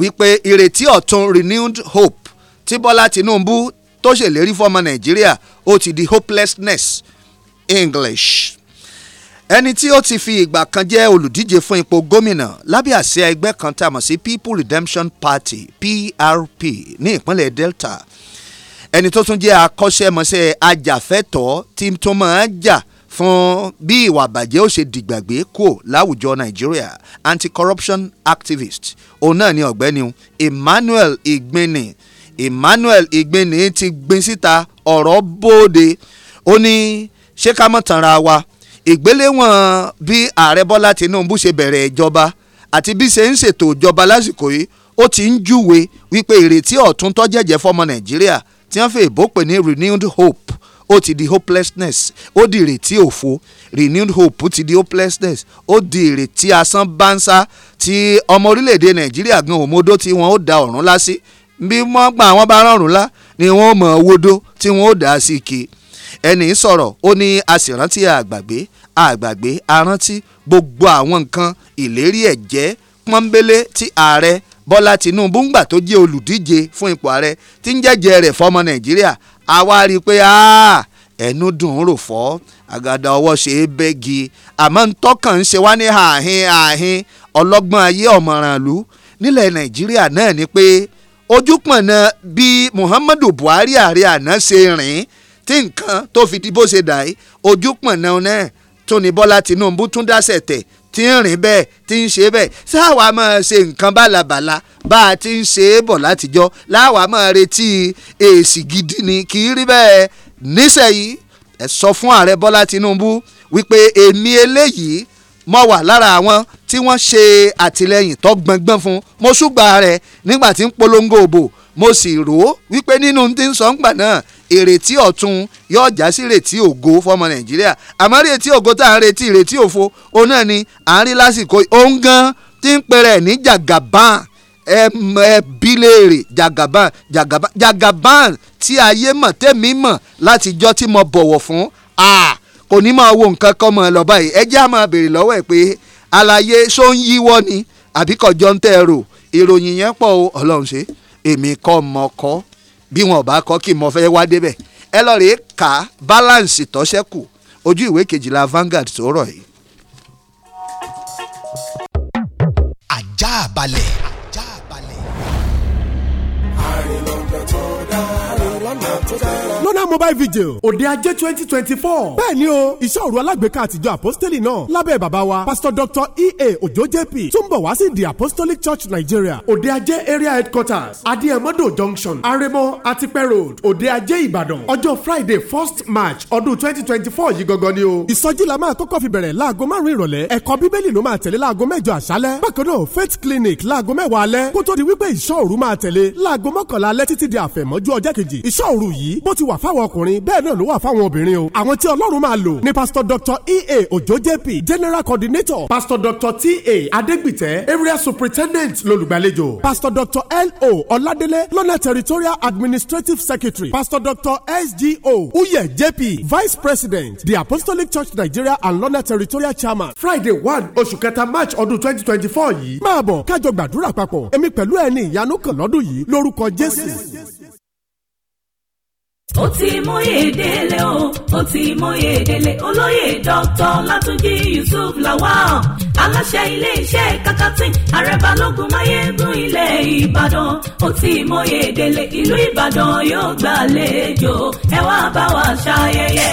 wípé ìrètí ọ̀tun renewed hope tí bọ́lá tinubu tó ṣèlérí fọmọ nàìjíríà ó ti di hopelessness english ẹni tí ó ti fi ìgbà kan jẹ́ olùdíje fún ipò gómìnà lábẹ́ àsíá ẹgbẹ́ kan tá a mọ̀ sí People Redemption Party PRP ní ìpínlẹ̀ Delta ẹni tó tún jẹ́ akọ́ṣẹ́mọṣẹ́ ajàfẹ́tọ̀ọ́ tí tó máa jà fún bí ìwà àbàjẹ́ ó ṣe dìgbàgbé kò láwùjọ Nàìjíríà anti-corruption activist òun náà ni ọ̀gbẹ́ni Emmanuel Igbeni Emmanuel Igbeni ti gbin síta ọ̀rọ̀ bóde ó ní ṣé ká mọ̀ tanra wa ìgbéléwọ̀n bí ààrẹ bọ́lá tinubu ṣe bẹ̀rẹ̀ ìjọba àti bí ṣe ń ṣètò ìjọba lásìkò yìí ó ti ń júwe wípé ìrètí ọ̀tun tó jẹ̀jẹ̀ fọmọ nàìjíríà tí wọ́n fi ìbò ní renewed hope ó ti di hopelessness ó di ìrètí òfo renewed hope ó ti di hopelessness ó di ìrètí asán bánsá tí ọmọ orílẹ̀-èdè nàìjíríà gan òmodó tí wọ́n ó da ọ̀run lá sí bí wọ́n gbà wọ́n bá rọrùn lá ni wọ́n mọ̀ ọ́ wodó tí wọ́n ó dà á sí ike ẹni sọ̀rọ̀ ó ní àsìrántí àgbàgbé àgbàgbé arántí gbogbo àwọn nǹkan ìlérí ẹ̀jẹ́ pọ́nbélé tí ààrẹ bọ́lá tìǹbù ń gbà tó jẹ́ olùdíje fún ipò ààrẹ tí ń jẹ́jẹ́ rẹ̀ fọmọ nàìjíríà àwa rí i pé ẹnu dùn ún rò fọ́ àgàdà ọwọ́ ṣe é bẹ́gi àmọ́ ń tọ́kàn ń ṣe wá ní àhín àhín ọlọ́gbọ́n ayé ọ̀mọ̀ràn lù nílẹ̀ nàìjíríà náà ni pé ojúpọ̀nà bí muhammadu buhari ààrẹ àná ṣe rìn tí nǹkan tó fi di bó ṣe dà yìí ojú pọ̀nà náà tún ní Bọ́lá Tinubu tún dáṣẹ̀ tẹ̀ tí ń rìn bẹ́ẹ̀ tí ń ṣe bẹ́ẹ̀ sáwa máa ṣe nǹkan bálabàla bá a ti ń ṣe é bọ̀ látijọ́ láwa máa retí èsì gidi ni kì í rí bẹ́ẹ̀ níṣẹ̀yìí ẹ sọ fún ààrẹ Bọ́lá Tinubu wípé èmi eléyìí mo wà lára àwọn tí wọ́n ṣe àtìlẹ́yìn tó gbọ̀ngbọ̀n fún mo ṣùgbà rẹ̀ nígbà tí ń polongo òbò mo sì rò ó wípé nínú ti ń sọ ńgbà náà ìrètí ọ̀tun yóò já sí ìrètí ògo fọmọ nàìjíríà àmọ́ ìrètí ògo tá à ń retí ìrètí òfo òun náà ni à ń rí lásìkò òun gan ti ń pẹrẹ ní jagaban ẹbí léèrè jagaban jagaban jagaban tí ayé mọ̀ tẹ́mi mọ̀ látijọ́ tí mo bọ̀wọ̀ fún kò ní máa wo nǹkan kan mọ̀ lọ báyìí ẹ jẹ́ á máa béèrè lọ́wọ́ ẹ̀ pé àlàyé ṣó ń yíwọ́ ni àbí ń tẹ́ ẹ rò ìròyìn yẹn pọ̀ ọlọ́run ṣe èmi kọ́ mọ kọ́ bí wọn bá kọ́ kí mo fẹ́ wá débẹ̀ ẹ lọ rèé kà balance tọ́sẹ́kù ojú ìwé kejìlá Vanguard tó rọ̀ yìí. ajá balẹ̀. ajá balẹ̀. àìlọ́gbẹ̀ dáa lọ́nà mobile vigil òde ajé twenty twenty four. bẹ́ẹ̀ ni o iṣẹ́ òru alágbèéká àtijọ́ apostoli náà lábẹ́ bàbá wa pastor doctor ea ojo jp tó ń bọ̀ wá sí the apostolic church nigeria òde ajé area headquarters adiamodo junction aremo atipe road òde ajé ìbàdàn ọjọ́ friday first march ọdún twenty twenty four yìí gangan ni o. ìsọjí la máa kọ́kọ́ fi bẹ̀rẹ̀ láago márùn-ún ìrọ̀lẹ́ ẹ̀kọ́ bíbélì ló máa tẹ̀lé láago mẹ́jọ àṣálẹ́ bákan náà faith clinic láago mẹ́wàá alẹ́ di wípé ìṣọ́ òru máa tẹ̀lé láago di àfẹ̀mọ́jú ọjọ́ kejì ìṣọ́ òru yìí bó ti wà fáwọn ọkùnrin bẹ́ẹ̀ náà ló wà fáwọn obìnrin o àwọn tí ọlọ́run máa lò ni pastor dr ea ojo jp general coordinator pastor dr ta adegbite area superintendent lolùgbàlejò pastor dr lo ọládélé lọ́nà territorial administrative secretary pastor dr sgo uye jp vice president the apostolic church nigeria and lọ́nà territorial chairman friday one oṣù kẹta march ọdún twenty twenty four yìí máa bọ̀ kájọ gbàdúrà papọ̀ èmi pẹ̀lú ẹni ìyanu kan lọ́dún yìí lórúkọ jésù ó ti mọyé délé o ó ti mọyé délé olóyè dr látúnjì yusuf lawal aláṣẹ iléeṣẹ́ kakatin arẹbalógun máyégún ilẹ̀ ìbàdàn ó ti mọyé délé ìlú ìbàdàn yóò gbàlejò ẹ wá bá wa ṣayẹyẹ.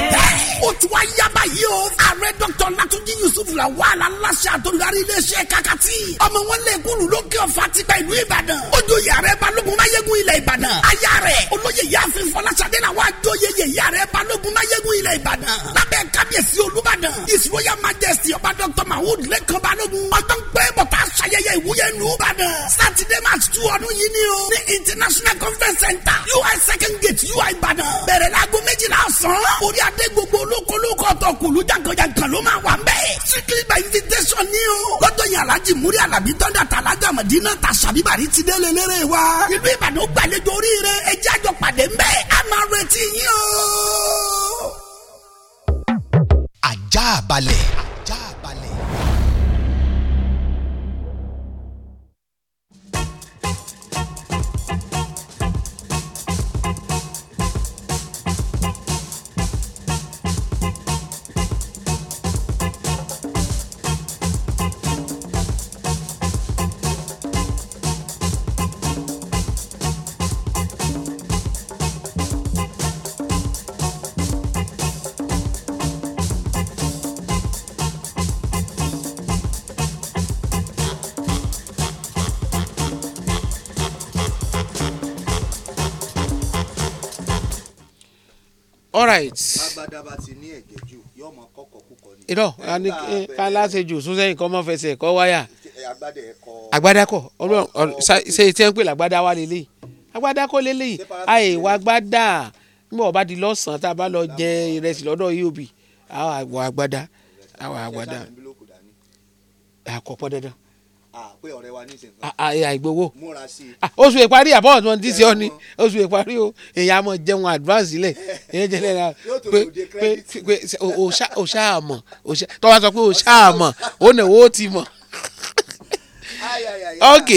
ó ti wáyé yìí o ààrẹ dr latunji yusuf la wà aláṣẹ àtòlùdarí iléeṣẹ́ kakati ọmọ wọn lè kúlù lókè ọ̀fà tipa ìlú ìbàdàn ojú yàrá balógun máyégún ilẹ̀ ìbàdàn aya rẹ̀ olóyè yàfin fọláṣadé la wà jọyè yàrá balógun máyégún ilẹ̀ ìbàdàn lábẹ́ kábíyèsí olúbàdàn his royal majesty ọba dr mahood lẹ́kàn balógun ọjọ́ pé bọ̀tà ṣayẹyẹ ìwúyẹ ìlú ìbàdàn Saturday march two ọdún yìí ni o ní international conference center ui second gate ui ìbàdàn bẹ̀rẹ̀ láago méjìlá ọ̀sán orí adé gbogbo polówó tọ kùlú jankanjankan ló máa wà nbẹ. strictly by invitation ni o. lọ́jọ́ yẹn alhaji muri alabi tọ́jà talaja madina ta sabibari ti délé léré wa. ìlú ìbàdàn gbàlejò oríire ẹjẹ́ àjọ pàdé nbẹ. a máa retí yín o. ajá balẹ̀. all right. agbadaba ti ní ẹ̀jẹ̀ jù yóò mọ kọ́kọ́ púpọ̀ ni. irọ́ ká láṣẹ jù sún sẹ́yìn kọ́ mọ́ fẹsẹ̀ kọ́ wáyà. agbada kọ ọlọ́run ṣe tí wọ́n pè lágbada wá lélẹ̀ agbada kọ lélẹ̀ àì wá agbada nígbà wọ́n bá di lọ́sàn-án tá a bá lọ jẹ ìrẹsì lọ́dọ̀ yóòbí e àwọn àgbada àwọn àgbada àkọ́pọ̀ dandan pé ọ̀rẹ́ wa ní ìsìnkú. àìgbowó múra sí i. oṣù ìparí àbọ̀ ọ̀tún ti ṣe ọ ni oṣù ìparí o èyàn àmọ̀ jẹun advance sílẹ̀ èyàn jẹ́ lẹ́la pé pé pé o ṣáà mọ̀ tọ́wọ́ sọ pé o ṣáà mọ̀ ó nà owó ti mọ̀. ok.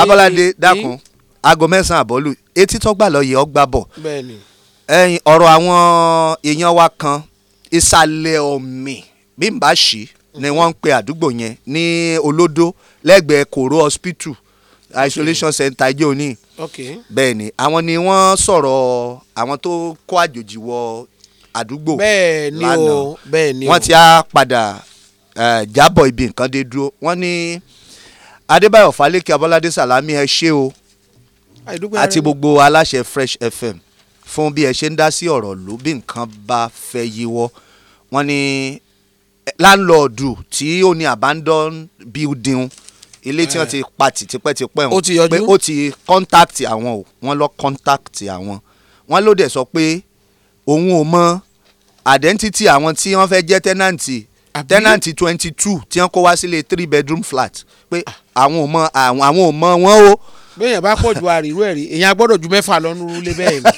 Abọ́ládé dákun aago mẹ́sàn-án àbọ̀lù etí tọ́gbà lọ yẹ ọ́ gbà bọ̀ ọ̀rọ̀ àwọn èèyàn wa kan ìsàlẹ̀ ọ̀mì bí n bá ṣí ni wọ́n ń pe àdúgbò yẹn ní olódó lẹ́gbẹ̀ẹ́ koro hospital isolation center ijó ní. bẹ́ẹ̀ ni àwọn ni wọ́n sọ̀rọ̀ àwọn tó kó àjòjì wọ àdúgbò lánàá wọ́n ti á padà jábọ̀ ibi nǹkan dé dúró wọ́n ní adébáyọ̀ falẹ́kẹ́ abọ́ládé sàlámì ẹ ṣé o àti gbogbo aláṣẹ fresh fm fún bí ẹ ṣe ń dá sí ọ̀rọ̀ ló bí nǹkan bá fẹ́ yíwọ́ wọ́n ní láńlọ́ọ̀dù tí ó ní abandon building ilé tí wọ́n ti pa tipẹ́tipẹ́ wọn pé ó ti contact àwọn o wọ́n lọ contact àwọn wọ́n ló dẹ̀ sọ pé òun ò mọ identity àwọn tí wọ́n fẹ́ jẹ́ tẹ́nàǹtì tẹ́nàǹtì twenty two tí wọ́n kó wá sílé three bedroom flat pé ah. àwọn ò mọ àwọn ò mọ wọn o. béèyàn bá pọ̀ ju àrírú ẹ̀rí èèyàn gbọ́dọ̀ ju mẹ́fà lọ nínú ilé bẹ́ẹ̀ ni.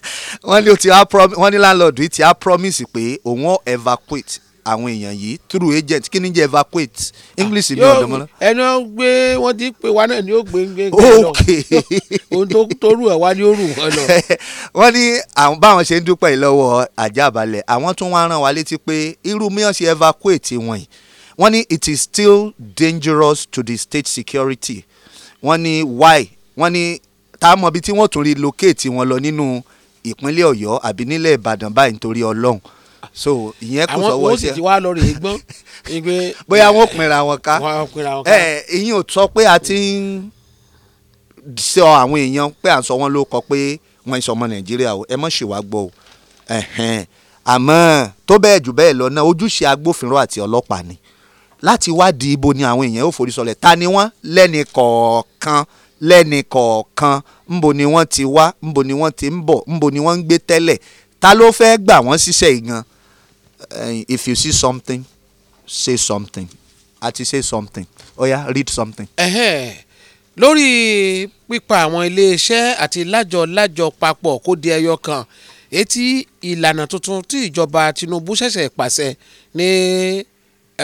wọ́n ní landlord ti á promise pé òun ó evacuate àwọn èèyàn yìí through agent kí ni jẹ́ evacuate english mi ọ̀dọ́ mọ́ náà. ẹni wọn gbé wọn ti pè wá náà ni ó gbé gbé gbé lọ ohun tó torú ẹ wá ni ó rù wọn lọ. wọ́n ní àwọn báwọn ṣe ń dúpẹ́ lọ́wọ́ àjàbalẹ̀ àwọn tún wá rán wa létí pé irú mìíràn ṣe evacuate wọn yìí wọ́n ní it is still dangerous to the state security wọ́n ní why wọ́n ní tá a mọ̀ bí tí wọ́n tún relocate wọn lọ nínú ìpínlẹ̀ ọ̀yọ́ àbí nílẹ̀ ìbàdàn báyìí nítorí ọlọ́run so ìyẹn kò sọ wọ́n sí ẹ. àwọn kò sì ti wá lọ rè é gbọ́n. bóyá wọn pinra wọn ká ẹ ìyẹn ò sọ pé a ti ń sọ àwọn èèyàn pé à ń sọ wọn ló kọ pé wọn ń sọ ọmọ nàìjíríà o ẹ mọ̀ ṣèwà gbọ́ o àmọ́ tó bẹ́ẹ̀ jù bẹ́ẹ̀ lọ náà ojúṣe agbófinró àti ọlọ́pàá ni láti wádìí ibo ni àwọn èèyàn ò forí sọlẹ̀ ta ni wọ́n lẹ́ni kọ̀ọ̀kan lẹ́ni kọ̀ọ̀kan ńbo ni wọ́n ti wá ńbo ni wọ́n ti ń bọ̀ ńbo ni wọ́n ń gbé tẹ́lẹ̀ ta ló fẹ́ gbà wọ́n ṣiṣẹ́ ìgan uh, if you see something say something Ati say something oya read something. Uh-huh. lórí pípa àwọn iléeṣẹ́ àti lájọ-lájọ papọ̀ kó di ẹyọ kan etí ìlànà tuntun tí ìjọba Tinubu ṣẹ̀ṣẹ̀ pàṣẹ ní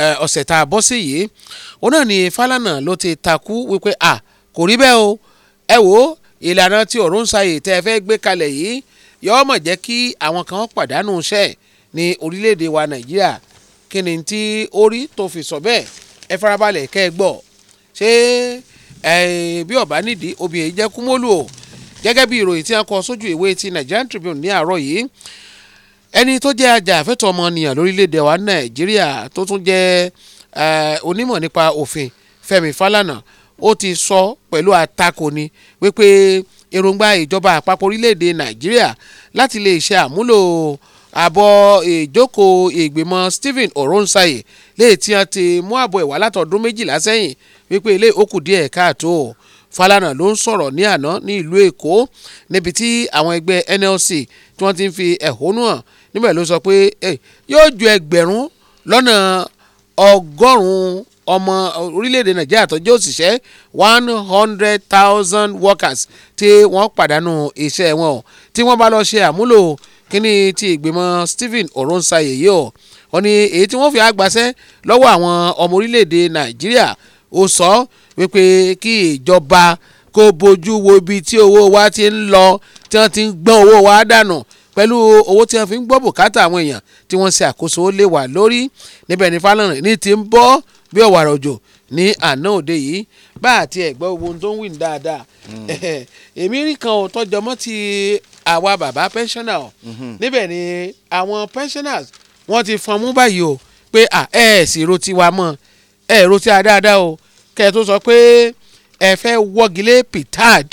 eh, ọ̀sẹ̀ tá a bọ́ sí yìí òun náà ni falana ló ti takú wípé à kò rí bẹ́ẹ̀ o ẹ wò ó ìlànà tí ọ̀run ṣayè tẹ́ ẹ fẹ́ gbé kalẹ̀ yìí yọ́ọ́ mọ̀ jẹ́ kí àwọn kan pàdánù iṣẹ́ ẹ̀ ní orílẹ̀-èdè wa nàìjíríà kí ni tí ó rí tó fi sọ bẹ́ẹ̀ ẹ farabalẹ̀ kẹ́ ẹ gbọ́ ṣé bí ọ̀bá nídìí obìnrin jẹ́ kúmọ́lù o gẹ́gẹ́ bí ìròyìn tí a kọ sójú ìwé ti Nigerian Tribune ní àárọ̀ yìí ẹni tó jẹ́ ajàfẹ́tọ̀ ọmọnìyàn lórílẹ̀‐èdè wa nàìjíríà tó tún jẹ́ onímọ̀ nípa òfin Fẹ́mi Fálànà ó ti sọ pẹ̀lú àtakò ni wípé èròǹgbà ìjọba àpapọ̀ orílẹ̀‐èdè nàìjíríà láti lè ṣe àmúlò àbọ̀ ìjókòó ìgbìmọ̀ Stephen Oronsaye léyìí tí wọ́n ti mú àbọ̀ ìwà látọ̀dún méjìlá sẹ́yìn wípé ilé òkú díẹ̀ káàtó Falana ló ń sọ̀rọ̀ ní àná ní ìlú Èkó níbi tí àwọn ẹgbẹ́ NLC tí wọ́n ti ń fi ẹ̀hónú hàn níbẹ̀ ló sọ pé yóò ju ẹgbẹ̀rún lọ́nà ọgọ́rùn-ún ọmọ orílẹ̀-èdè nàìjíríà tó òṣìṣẹ́ one hundred thousand workers tí wọ́n pàdánù iṣẹ́ wọn tí wọ́n bá lọ ṣe àmúlò kíní ti ìgbìmọ̀ Stephen Oronsaye yìí ọ̀ wọ́n ní èyí tí wọ́n fi àgbàṣẹ́ lọ́wọ́ àwọn ọmọ orílẹ̀-èdè Nàìjíríà ó sọ wípé kí ìjọba kó bójú wo ibi tí owó wa ti ń lọ tí wọ́n ti ń gbọ́n owó wa dànù pẹ̀lú owó tí wọ́n fi ń gbọ́ bùkátà àwọn èèyàn tí wọ́n ṣe àkóso lé wà lórí níbẹ̀ ní Fálànà ní ti ń bọ́ bí ọ̀wàrà òjò ní àná òde yìí bá àti ẹ̀gbọ́n ogun tó ń wí dáadáa hmm. èmi rí kan ò tọ́jọ́ mọ́ ti àwa bàbá pensioner mhm. níbẹ̀ ni àwọn pensioners wọ́n ti fọn mú báyìí o pé ẹ ẹ sì ro tiwa mọ́ ẹ ẹ ro tiwa dáadáa o kẹ ẹ tó sọ pé ẹ fẹ́ wọ́gilé pitad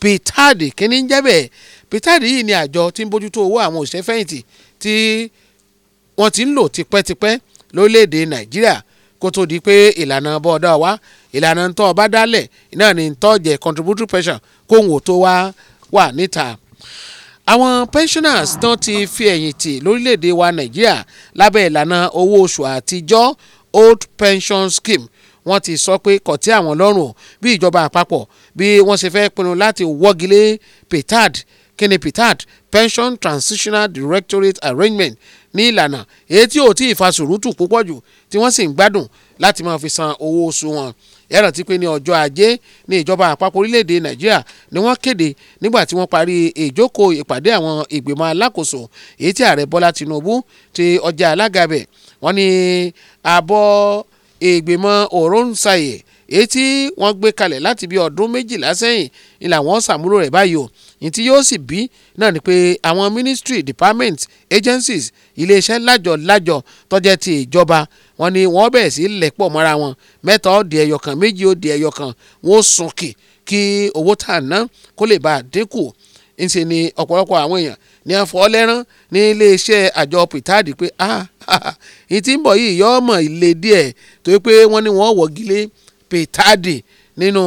pitad kíní ń jẹ́ bẹ́ẹ̀ pitad yìí ni àjọ tí ń bójútó owó àwọn òṣìṣẹ́ tí wọ́n ti ń lò tipẹ́tipẹ́ lórílẹ̀‐èdè nàìjíríà kó tó di pé ìlànà bọ́ọ̀dá wa ìlànà ń tọ́ ọ bá dálẹ̀ náà ni ń tọ́ jẹ́ contributory pension kóhùn ò tó wá wà níta àwọn pensioners tán ti fi ẹ̀yìntì lórílẹ̀‐èdè wa nàìjíríà lábẹ́ ìlànà owó oṣù àtijọ́ old pension scheme wọ́n ti sọ pé kò tẹ́ àwọn lọ́rùn bí ìjọba àpapọ̀ bí wọ́n ṣe fẹ́ pinnu láti wọ́gilé petard kíni petard pension transitional directorate arrangement ní ìlànà èyí tí ò tí ì fa sùúrùtù púpọ̀ jù tí wọ́n sì ń gbádùn láti máa fi san owó oṣù wọn ẹ rántí pé ní ọjọ́ ajé ní ìjọba àpapọ̀ orílẹ̀-èdè nàìjíríà ni wọ́n kéde nígbà tí wọ́n parí ìjókòó ìpàdé àwọn ìgbìmọ̀ alákòóso èyí tí ààrẹ bọ́lá tinubu ti ọjà alága bẹ̀ wọ́n ní àbọ̀ ìgbìmọ̀ òróǹsàyè èyí tí wọ́n gbé kalẹ̀ láti bí ọdún méjìlá sẹ́yìn ni làwọn ṣàmúlò rẹ̀ báyìí o ní tí yóò sì bí náà ni pé àwọn ministry departments agencies iléeṣẹ́ lájọ lájọ tó jẹ́ ti ìjọba wọ́n ní wọ́n bẹ̀rẹ̀ sí lẹ̀pọ̀ mọ́ra wọn mẹ́ta ó di ẹyọ kan méjì ó di ẹyọ kan wọ́n ó sunkì kí owó tà ná kó lè bá a dínkù ńṣe ni ọ̀pọ̀lọpọ̀ àwọn èèyàn ní afọ́ lẹ́rán ní iléeṣẹ́ àjọ pìtáàdì pé ah ìyí tí ń bọ̀ yìí yọ ọmọ ilé díẹ̀ tó yẹ pé wọ́n ní wọ́n wọ́gilé pìtáàdì nínú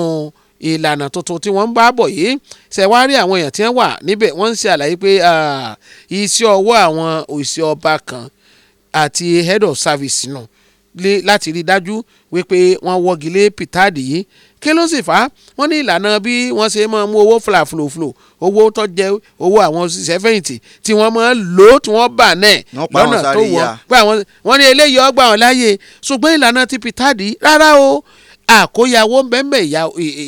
ìlànà tuntun tí wọ́n ń bá bọ̀ yìí ṣẹ̀wárí àwọn èèyàn tí wọ́n wà níbẹ̀ wọ́n ń ṣe àlàyé pé iṣẹ́ ọwọ́ àwọn òṣìṣẹ́ ọba kan àti head of service náà no láti rí dájú wípé wọ́n wọ́gi lé pítádì yìí kí ló sì fà á wọ́n ní ìlànà bí wọ́n ṣe máa mú owó flafloflo owó tó jẹ owó àwọn òṣìṣẹ́ fẹ̀yìntì tí wọ́n máa lò ó tí wọ́n bà náà lọ́nà tó wọ́ pé àwọn wọ́n ní eléyìí ọgbà wọn láàyè ṣùgbọ́n ìlànà ti pítádì rárá o àkóyawó bẹ́ẹ̀mẹ̀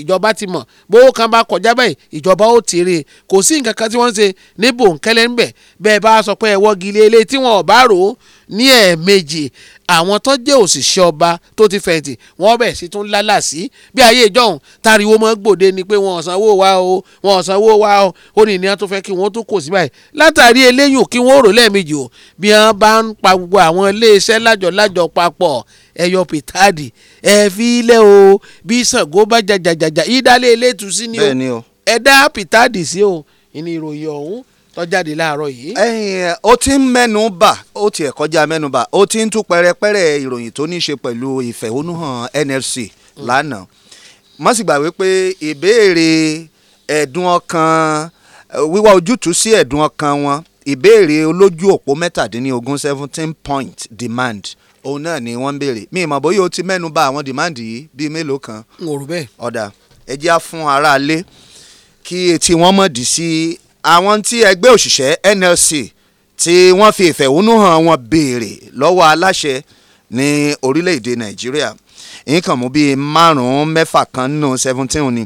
ìjọba ti mọ̀ bówó kan bá kọjá báyìí ìjọba ó ti rí i kò sí nǹkan kan tí wọ́n ń ṣe ní bòńkẹ́lẹ́ ńbẹ̀ bẹ́ẹ̀ bá sọ pé ẹ̀wọ́ gilé ilé tí wọ́n ò bá rò ó ní ẹ̀ẹ̀mejì àwọn tó jẹ́ òṣìṣẹ́ ọba tó ti fẹ̀yìntì wọ́n bẹ̀ sí tún lálà sí bí ayé ìjọhún tariwo mọ́ gbòde ni pé wọ́n sanwó wa o wọ́n sanwó wa o ó ní ìníyàn tó fẹ́ kí wọ́n tó kò sí báyìí látàrí eléyìí kí wọ́n rò lẹ́ẹ̀mejì o bí wọ́n bá ń pa gbogbo àwọn iléeṣẹ́ lájọ̀lájọ̀ papọ̀ ẹ yọ pètáàdì ẹ fi ilẹ̀ o bí Ṣàngó bá jàjàjàjà ìdálé elétùsí ni o ẹ dá pitadi sí o ìní ìròyìn ọ̀hún tó jáde láàárọ̀ yìí. ẹyìn ó ti ń mẹ́nu bà ó tiẹ̀ kọjá mẹ́nu bà ó ti ń tú pẹ́rẹ́pẹ́rẹ́ ìròyìn tó ní í ṣe pẹ̀lú ìfẹ̀hónúhàn NLC mm. lánàá mọ́ sì wípé ìbéèrè ẹ̀dùn ọkàn wíwá ojútùú sí ẹ̀dùn ọkàn wọn ìbéèrè olójú òpó mẹ́tàdínlógún seventeen point demand òun náà ni wọ́n ń béèrè mi ìmọ̀ bóyá o ti mẹ́nu bà àwọn demand yìí bíi mélòó kan. n ò ọ̀dà ẹ á fún aráalé kí etí wọn mọ̀ dì sí àwọn tí ẹgbẹ́ òṣìṣẹ́ NLC tí wọ́n fi ìfẹ̀hónú hàn wọn béèrè lọ́wọ́ aláṣẹ ní orílẹ̀-èdè Nàìjíríà nǹkan mú bíi márùn-ún mẹ́fà kan nù seventeen ni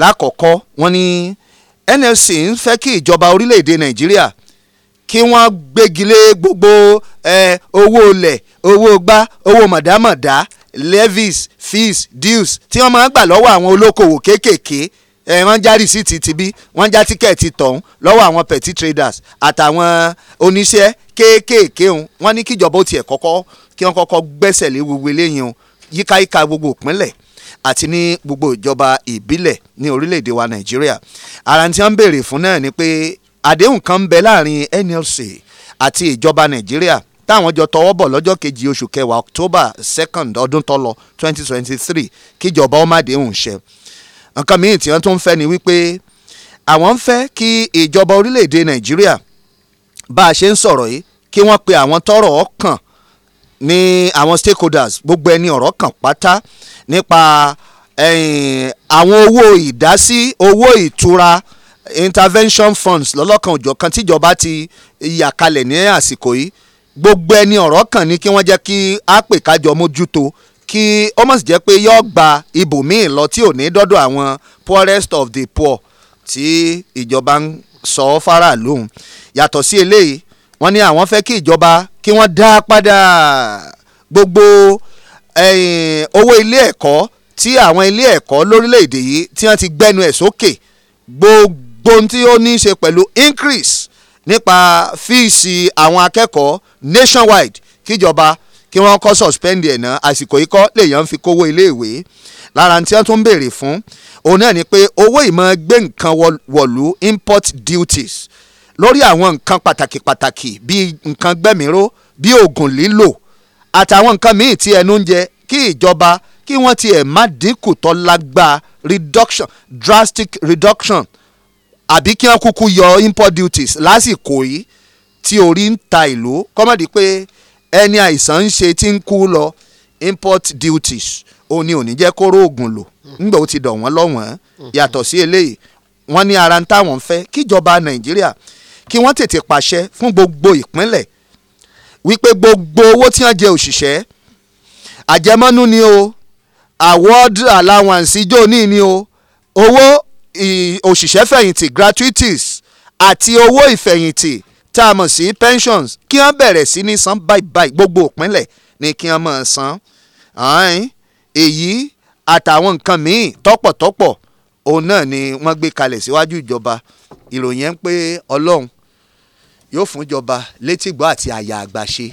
lákọ̀ọ́kọ́ wọ́n ní NLC ń fẹ́ kí ìjọba orílẹ̀-èdè Nàìjíríà kí wọ́n gbégilé gbogbo eh, owó ilẹ̀ owó gbá owó mọ̀dámọ̀dá levies fees dues tí wọ́n máa ń gbà lọ́wọ́ àwọn olókoòwò kéékèèké ẹ wọ́n já rìsíìtì tibí wọ́n já tíkẹ́ẹ̀tì tọ̀hún lọ́wọ́ àwọn petty traders àtàwọn oníṣẹ́ kéékèèké òun wọ́n ní kíjọba ó tiẹ̀ kọ́kọ́ kí wọ́n kọ́kọ́ gbẹ́sẹ̀ lé gbogbo eléyìí òun yíkáyíká gbogbo ìpínlẹ̀ àti ní gbogbo ìjọba ìbílẹ̀ ní orílẹ̀-èdè wa nàìjíríà ara tí wọ́n ń béèrè fún náà ni pé àdéhùn kan ń bẹ láàrin NLC àti ìjọba nàìjíríà táwọn jọ tọwọ́ bọ̀ lọ́jọ́ kejì oṣù kẹwàá October second ọdún tó lọ twenty kíjọba ó ṣe nǹkan míì tí wọ́n tún ń fẹ́ ni wípé àwọn ń fẹ́ kí ìjọba orílẹ̀-èdè nàìjíríà bá a ṣe ń sọ̀rọ̀ yìí kí wọ́n pe àwọn tọ́rọ̀ ọkàn ní àwọn stakeholders gbogbo ẹni ọ̀rọ̀ kàn pátá nípa àwọn owó ìdásí owó ìtura intervention funds lọ́lọ́kan òjọ̀kan tíjọba ti yà kalẹ̀ ní àsìkò yìí gbogbo ẹni ọ̀rọ̀ kàn ní kí wọ́n jẹ́ kí á pè kájọ mójútó kí ó mọ̀ sí jẹ́ pé yọ́ gba ibòmíì lọ tí ò ní dọ́dọ̀ àwọn poorest of the poor tí ìjọba ń sọ ọ́ faraàlú yàtọ̀ sí eléyìí wọ́n ní àwọn fẹ́ kí ìjọba kí wọ́n dá padà gbogbo owó ilé ẹ̀kọ́ tí àwọn ilé ẹ̀kọ́ lórílẹ̀‐èdè yìí tí wọ́n ti gbẹ́nu ẹ̀ sókè gbogbo tí ó ní í ṣe pẹ̀lú increase nípa fíìsì àwọn akẹ́kọ̀ọ́ nationwide kíjọba kí wọ́n kọ́ suspend ẹ̀ náà àsìkò yìí kọ́ lèèyàn fi kówó iléèwé lára tí wọ́n tún ń béèrè fún òun náà ni pé owó ìmọ̀ gbé nǹkan wọ̀lú import duties lórí àwọn nǹkan pàtàkì pàtàkì bíi nǹkan gbẹ̀míró bíi oògùn lílò àtàwọn nǹkan míì tí ẹnu ń jẹ kí ìjọba kí wọ́n tiẹ̀ má dínkù tó lágbára reduction drastic reduction àbí kí wọ́n kúkú yọ import duties lásìkò yìí tí orí ń ta ìlú kọ́mọ̀dé pé ẹni àìsàn ń ṣe tí ń kú lọ import duties ó ní òní jẹ́ kóró oògùn lò hmm. ńgbà ó ti dọ̀ wọ́n lọ́wọ́n hmm. yàtọ̀ sí eléyìí wọ́n ní ara ń táwọn ń fẹ́ kíjọba nàìjíríà kí wọ́n tètè pàṣẹ fún gbogbo ìpínlẹ̀ wípé gbogbo owó tí wọ́n jẹ òṣìṣẹ́ àjẹmọ́nú ni o award allowance ijó ní ni o owó òṣìṣẹ́ fẹ̀yìntì gratuities àti owó ìfẹ̀yìntì tá a mọ̀ sí pensions kí wọ́n bẹ̀rẹ̀ sí ní san báibái gbogbo ìpínlẹ̀ ni kí wọ́n máa san èyí àtàwọn nǹkan míì tọ́pọ̀tọ́pọ̀ òun náà ni wọ́n gbé kalẹ̀ síwájú ìjọba ìròyìn ẹ̀ ń pé ọlọ́run yóò fún ìjọba létígbọ́ àti àyà àgbà ṣe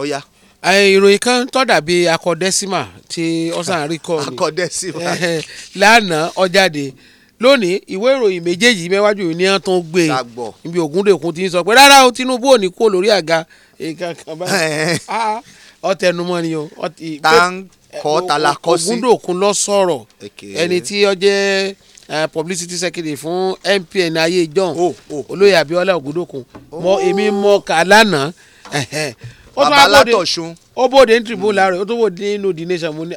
ó yá. ìròyìn kan tó dàbí akọ̀dẹ́símà tí ọ̀sán àríkọ́ ni lánàá ọjáde lónìí ìwé ìròyìn méjèèjì mẹ́wájú ni wọ́n tún gbé e níbi Ògúndèkun ti ń sọ pé rárá o Tinubu ò ní kó lórí àga nǹkan kan báyìí ah, ọ̀tẹnumọ́ ni o. kọ́ tala kọ́ sí Ògúndèkun lọ sọ̀rọ̀ ẹni tí ó jẹ́ publicity secretary fún MPN ayé john oh. olóyè Abíọ́lá Ògúndèkun mọ oh. èmi mọ kà lánàá babalátọ̀sùn ó bóde ní hmm. tribune láàárọ̀ ó tó bóde nínú the nation mo ní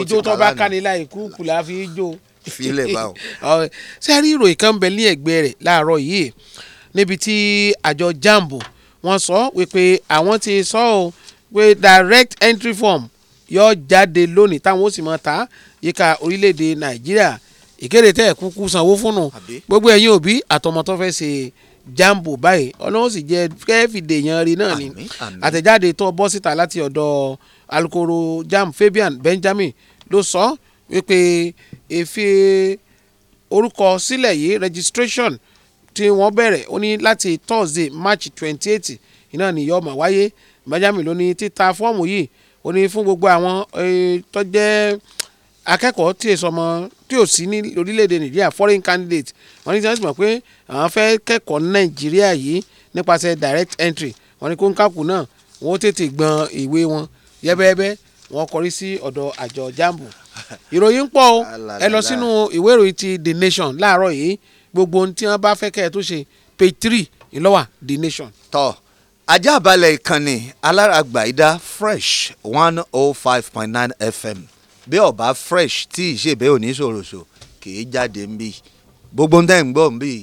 ìjó ah, tó bá kánilá ikú kùlà fi í jó filẹ̀ báwọn. ṣé ẹ rí ìròyìn kan bẹ ní ẹ̀gbẹ́ rẹ̀ láàárọ̀ yìí níbi tí àjọ jamb wọ́n sọ wípé àwọn ti sọ ọ́ pé direct entry form yóò jáde lónìí táwọn ó sì mọ̀ ta yíká orílẹ̀-èdè nàìjíríà ìkéde tẹ́ ẹ̀ kúkú sanwó fúnnu gbogbo ẹ̀yin òbí àtọmọ tó fẹ́ ṣe jambo báyìí ọlọ́run sì jẹ́ kẹ́fìdè yan rí náà ni àtẹ̀jáde tó bọ́ síta láti ọ̀dọ̀ alukoro jamb Fabian Benjamin ló sọ wípé èfi orúkọ sílẹ̀ yìí registration tí wọ́n bẹ̀rẹ̀ ó ní láti Thursday March twenty eight iná ni yóò máa wáyé Benjamin ló ní títa fọ́ọ̀mù yìí ó ní fún gbogbo àwọn tó jẹ́ akẹ́kọ̀ọ́ tí èso ọmọ tí ò sí ní orílẹ̀-èdè Nàìjíríà foreign candidate wọ́n ní sẹ́yìn mọ̀ pé àwọn fẹ́ kẹ́kọ̀ọ́ Nàìjíríà yìí nípasẹ̀ direct entry wọ́n ní kó ń kàkù náà wọ́n tètè gbọn ìwé wọn yẹ́bẹ́yẹ́bẹ́ wọ́n kọrí sí ọ̀dọ̀ àjọ jambu ìròyìn pọ̀ o ẹ lọ sínú ìwé ìròyìn ti The Nation láàárọ̀ yìí gbogbo ohun tí wọ́n bá fẹ́ kẹ́ ẹ tó ṣe page three ìlọ́wà The Nation. tọ́ ajá balẹ̀ ìkànnì alárágbà ìdá fresh one oh five point nine fm bí ọba fresh tí ìṣèbẹ̀ òní ṣòroṣò kì í jáde ń bì gbogbo ń tẹ́ ń gbọ́ ń bì í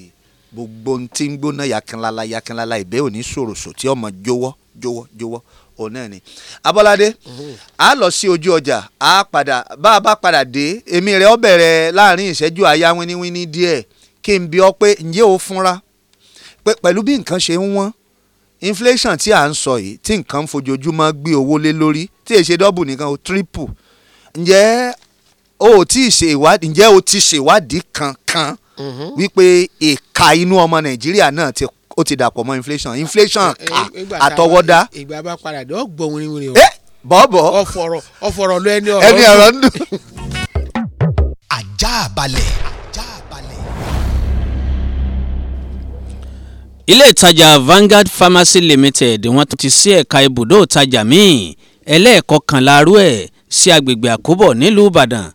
gbogbo ohun tí ń gbóná yakinlala yakinlala ìbẹ́ òní ṣòroṣò tí ọmọ jọ̀wọ́ jọ̀wọ́ jọ̀wọ́ òun náà ni abọ́ládé a lọ sí ojú ọjà a padà bá a bá padà dé èmi rẹ̀ ọ bẹ̀rẹ̀ láàrin ìṣẹ́jú àyà wíníwíní díẹ̀ kí n bi ọ́ pé ǹjẹ́ o fúnra pẹ̀lú bí nǹkan ṣe ń wọ́n inflation tí a ń sọ yìí tí nǹkan ń fojoojúmọ́ gbé owó lé lórí tí èyí ṣe dọ́bù nìkan o triple ǹjẹ́ o ò tí ì ṣe ìwádìí ǹjẹ́ o ti ṣèwádìí kankan mhm. wípé ìka inú ọmọ nàìjíríà náà ti ó ti dàpọ̀ mọ́ inflation inflation eh, eh, ah, eh, àtọwọ́dá. ìgbà bá padà dé ọ gbọ́ wírin wírin o. bọ́ọ̀bọ̀ ọ̀fọ̀rọ̀ ọ̀fọ̀rọ̀ lọ ẹni ọ̀rọ̀ ẹni ọ̀rọ̀ ń dùn. ajá balẹ̀. ilé ìtajà Vanguard Pharmacy Limited wọ́n ti sí ẹ̀ka ibùdó ìtajà míì ẹlẹ́ẹ̀kọkànlá arú ẹ̀ sí agbègbè àkóbọ̀ nílùú Ìbàdàn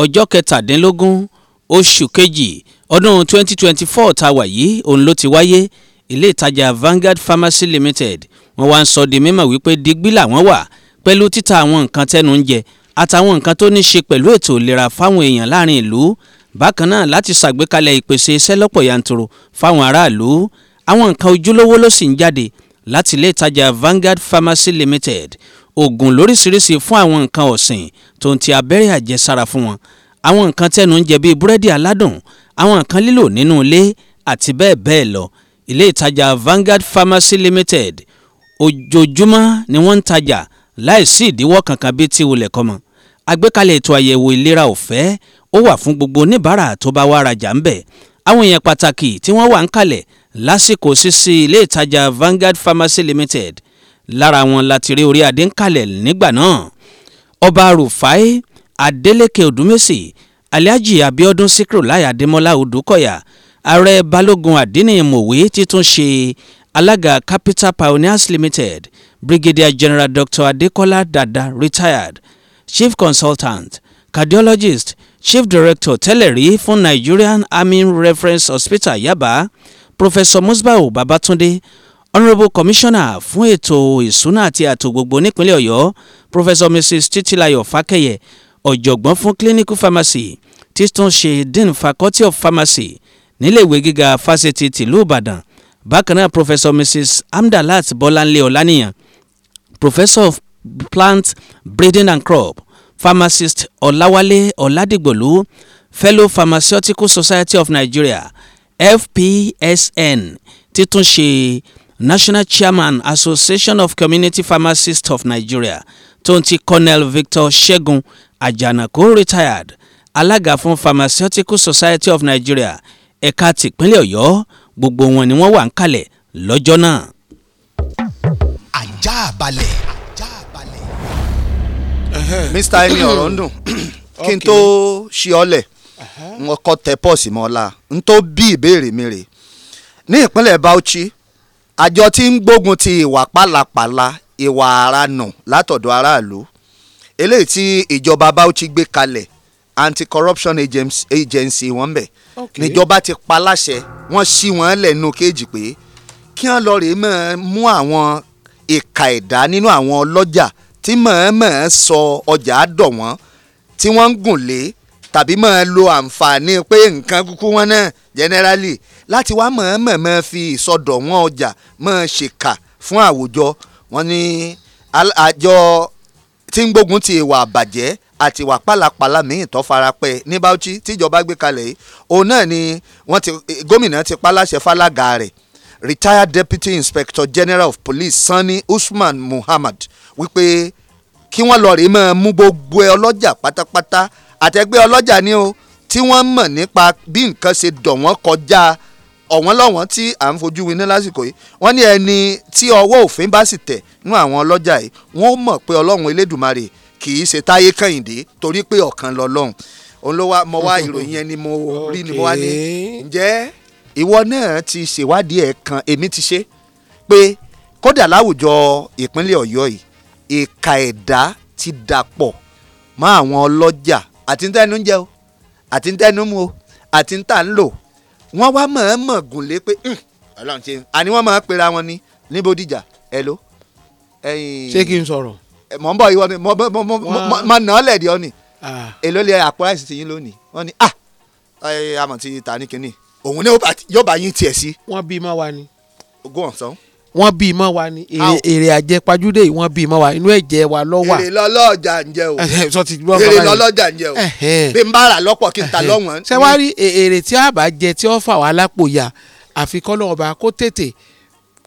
ọjọ́ kẹtàdínlógún oṣù kejì ọdún 2024 tá a wà yìí òun ló ti wáyé ilé ìtajà Vanguard Pharmacy Limited wọ́n wá ń sọ di mímọ̀ wípé digbí làwọn wà pẹ̀lú títa àwọn nǹkan tẹnu ń jẹ àtàwọn nǹkan tó ní ṣe pẹ̀lú ètò ìlera fáwọn èèyàn láàrin ìlú bákan náà láti ṣàgbékalẹ̀ ìpèsè iṣẹ́ lọ́pọ̀ yanturu fáwọn aráàlú àwọn nǹkan ojúlówó ló sì ń jáde láti ilé ìtajà Vanguard Pharmacy Limited oògùn lóríṣiríṣi fún àwọn nǹkan ọ̀sìn tó ń ti abẹ́rẹ́ àjẹsára fún wọn àwọn nǹkan tẹnu ń jẹ bíi búrẹ́dì aládùn àwọn nǹkan lílò nínú ilé àti bẹ́ẹ̀ bẹ́ẹ̀ lọ ilé ìtajà Vanguard Pharmacy Limited ojoojúmọ́ ni wọ́n ń tajà láìsí ìdíwọ́ kankan bí tí olè kọ́mọ àgbékalẹ̀ ètò àyẹ̀wò ìlera ọ̀fẹ́ ó wà fún gbogbo oníbàárà tó bá wá rajà ń bẹ̀ àwọn èèyàn pàtàkì tí wọ́n wà ń kalẹ̀ lásìkò ṣíṣí ilé ìtajà Vanguard Pharmacy Limited lára wọn láti rí orí adé ń kalẹ̀ nígbà náà ọba Rufai Adeleke Odumesi Alhaji Abiodun Sikiru Lai Ademola Odukoya ààrẹ balógun àdínní mòwe ti tún ṣe alága capital pioneers limited brigadier general dr adekola dada retired chief consultant cardiologist chief director tẹ́lẹ̀rí fún nigerian army reference hospital yaba professor musbau babatunde honourable commissioner fún ètò ìsúná àti ààtò gbogbo nípínlẹ̀ ọ̀yọ́ professor mrs titilayo fakeye ọ̀jọ̀gbọ́n fún clinical pharmacy títún ṣe dean faculty of pharmacy níléèwé gíga fásitì tìlú ìbàdàn bákan náà professor mrs amdalat bọ́láńlé ọláníyàn professor of plant breeding and crop pharmacist ọláwálé ọládìgbòlú fellow pharmaceutical society of nigeria fpsn títún ṣe national chairman association of community pharmacists of nigeria tó ń colonel victor ṣẹ́gun àjànàkú retired alága fún pharmaceutical society of nigeria ẹ̀ka tìpínlẹ̀ ọ̀yọ́ gbogbo wọn ni wọ́n wà ń kalẹ̀ lọ́jọ́ náà. ajá balẹ̀. mr emi ọ̀rọ̀ ń dùn kí n tó ṣe ọlẹ̀ wọn kọ́ tẹ pọ́ọ̀sì mọ́ la n tó bí ìbéèrè mi rè ní ìpínlẹ̀ bauchi àjọ tí ń gbógun ti ìwà pálapàla ìwà àranù látọ̀dọ̀ aráàlú eléyìí tí ìjọba bauchi gbé kalẹ̀ anti-corruption agency wọn bẹ̀ níjọba ti pa láṣẹ wọ́n ṣí wọn lẹ́nu kéèjì pé kí wọ́n lọ rèé máa mú àwọn ìka ẹ̀dá nínú àwọn ọlọ́jà tí mọ̀ọ́mọ̀ sọ ọjà dọ̀ wọ́n tí wọ́n ń gùn lé tàbí máa lo àǹfààní pé nǹkan kúkú wọn náà generally láti wá mọ̀ọ́mọ̀ máa fi ìsọdọ̀ wọn ọjà máa ṣèkà fún àwùjọ wọn ní àjọ tí ń gbógun ti ìwà àbàjẹ́ àti ìwà pálapàla míì tó fara pẹ́ ní Bauchi tíjọba gbé kalẹ̀ yìí òun náà ni wọ́n ti gómìnà ti paláṣẹ fálága rẹ̀ retired deputy inspector general of police Sani Usman Muhammad wípé kí wọ́n lọ rí máa mú gbogbo ẹ ọlọ́jà pátápátá àtẹgbẹ́ ọlọ́jà ni o tí wọ́n mọ̀ nípa bí nǹkan ṣe dọ̀ wọ́n kọjá ọ̀wọ́n lọ́wọ́n tí à ń fojú winá lásìkò yìí wọ́n ní ẹni tí ọwọ́ òfin bá sì tẹ̀ nú àwọn ọlọ́jà yìí wọ́n mọ̀ pé ọlọ́run elédùnmarè kì í ṣe táyé kẹ́hìndé torí pé ọ̀kan lọ́lọ́run òun ló wá mọ wá ìròyìn yẹn ni mo rí ni mo wá ní ǹjẹ́ ìwọ náà ti ṣèwádìí ẹ̀ kan èmi ti ṣe pé kódà láwùjọ ìpínlẹ̀ ọ̀yọ́ yìí ìka ẹ̀dá ti dàpọ̀ mọ́ àwọn ọlọ́jà àti ntẹ́nu jẹ́ o àti ntẹ́nu mu o àti ntà ń lò wọ́n wá mọ̀ọ́mọ̀ gùnlé pé ọlọ́run ṣe àní wọ́n máa ń pera wọn ní níbo dìjà ẹ ló. ṣé kí n sọ̀rọ̀ Eh, mọ̀ ń bọ̀ ìwọ ni mo nà án lẹ̀dí ọ ni ah. èló lè àpò ráìsì tiyín lónìí wọ́n ni ah àmọ̀ ti ta ní kínní òun ni yóò bá yín tiẹ̀ sí. wọ́n bí mọ́ wa ni. ogún ọ̀sán wọ́n bí mọ́ wa ni èrè àjẹ pajúdé wọ́n bí mọ́ wa inú ẹ̀jẹ̀ wa lọ wà. èrè lọ́lọ́ọ̀jà ń jẹ o èrè lọ́lọ́ọ̀jà ń jẹ o bí n bá rà lọ́pọ̀ kí n ta lọ́wọ́n. ṣé wàá rí e, èrè tí a bá jẹ tí ó fà wá lápò ya àfikọ́ lọ́wọ́ bá kó tètè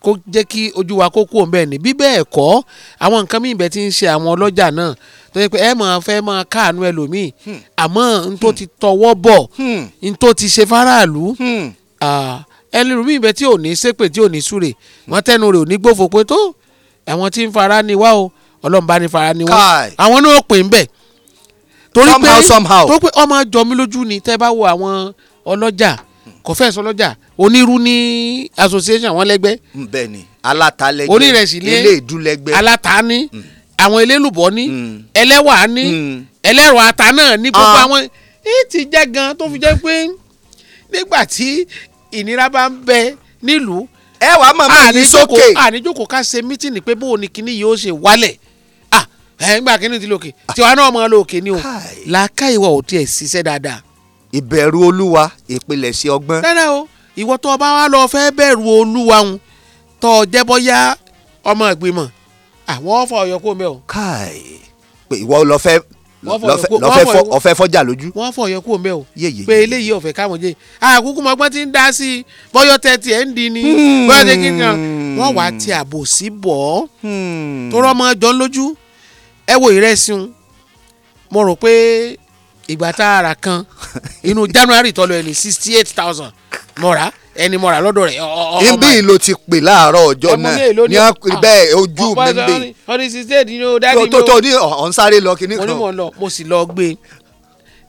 kó jẹ́ kí ojú wa kó kúrò bẹ́ẹ̀ ni bí bẹ́ẹ̀ kọ́ àwọn nǹkan míì bẹ́ẹ̀ ti ń ṣe àwọn ọlọ́jà náà tó yẹ pé ẹ máa fẹ́ máa káàánú ẹlòmíì hmm. àmọ́ n tó hmm. ti tọwọ́ bọ̀ hmm. n tó ti ṣe fáráàlú ẹlòmíì bẹ́ẹ̀ tí ò ní ṣépè tí ò ní súre wọ́n tẹnu rẹ̀ ò ní gbófo pé tó àwọn tí ń fara ni wá o ọlọ́mùbá ni fara ni wá àwọn náà pè ń bẹ̀ torí pé ọmọ jọmí lójú ni tẹ́ bá wo àwọn ọlọ́jà kò fẹ́ sọ lọ́jà onírú ní association wọn lẹ́gbẹ́. Mm, bẹ́ẹ̀ni aláta lẹ́gbẹ́ onírẹsì ní ilé ìdú lẹ́gbẹ́ aláta ní mm. àwọn elélùbọ́ ní mm. ẹlẹ́wà ní ẹlẹ́rọ ata náà ni gbogbo ah. àwọn èyí ti jẹ́ gan tó fi jẹ́ pé nígbà tí ìnira bá ń bẹ nílùú ẹ wàá mọ̀ mọ́ yìí sókè àníjókòó ká ṣe mítìnì pé bóun ni kinní yóò ṣe wálẹ̀ ah ẹ̀ ń gbà kinní ti lókè ah. tiwa náà mọ́ lókè ni o làákàyè wa ò tiẹ̀ ṣiṣẹ́ dáadáa ìbẹ̀rù olúwa ìpilẹ̀ṣẹ̀ ọgbọ́n. dáadáa o ìwọ tó o bá wá lọ fẹ́ bẹ̀rù olúwa ń tọ́ ọ jẹ́ bọ́yá ọmọ ìgbìmọ̀ àwọn ọ̀fọ̀ ọ̀yọ́kọ́ mi o. káì pé ìwọ lọ fẹ́ ọfẹ fọjà lójú. wọ́n fọ ọyọ kúrò mẹ́wò pé eléyìí ọ̀fẹ́ káwọn jẹ́ àkókò mọ́gbọ́n ti ń dá sí i bọ́yọ̀ tẹ́tí ẹ̀ ń di ni hmm. bọ́yọ̀ tẹ́tí kí kan wọ́n wàá ti àbò sí bọ̀ ọ́ hmm. tó rọ́ mọ́ jọ lójú ẹ wo ìrẹsìn mo rò pé ìgbà tá a rà kan inú january tọ́lọ ẹni sixty eight thousand mọ̀ra ẹni mọ̀ra lọ́dọ̀ rẹ̀ ọmọ ibi ìlò ti pè láàárọ̀ ọjọ́ náà ní bẹ́ẹ̀ ah, ojú mi ń bè ọdún sixty eight ni o dáàdi mi o tó tó ní ọ̀n sáré lọ kíní kan onímọ̀ lọ mo sì lọ gbé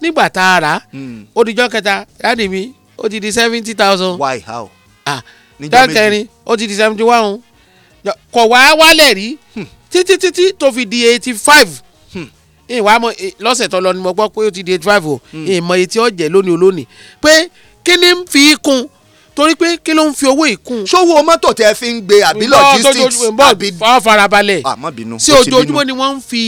nígbà tá a rà hmm. ó dijọ́ kẹta dáàdi mi ó ti di seventy thousand why how ah níjọ́ kẹrin ó ti di seventy one kọ̀ wá wálẹ̀ rí hmm. títí títí tó fi di eighty five ìwà mọ lọ́sẹ̀ tó lọ ni mo gbọ́ pé ó ti di eight five o ìmọ̀ hmm. èyí tí ó jẹ́ lónìí olónìí pé kí ni ń fi kún torí pé kí ló ń fi owó ìkún. sówó mọ́tò tẹ fi ń gbé àbí logistics àbí. ọ farabalẹ̀ sí ah, ojoojúmọ́ ni wọ́n ń fi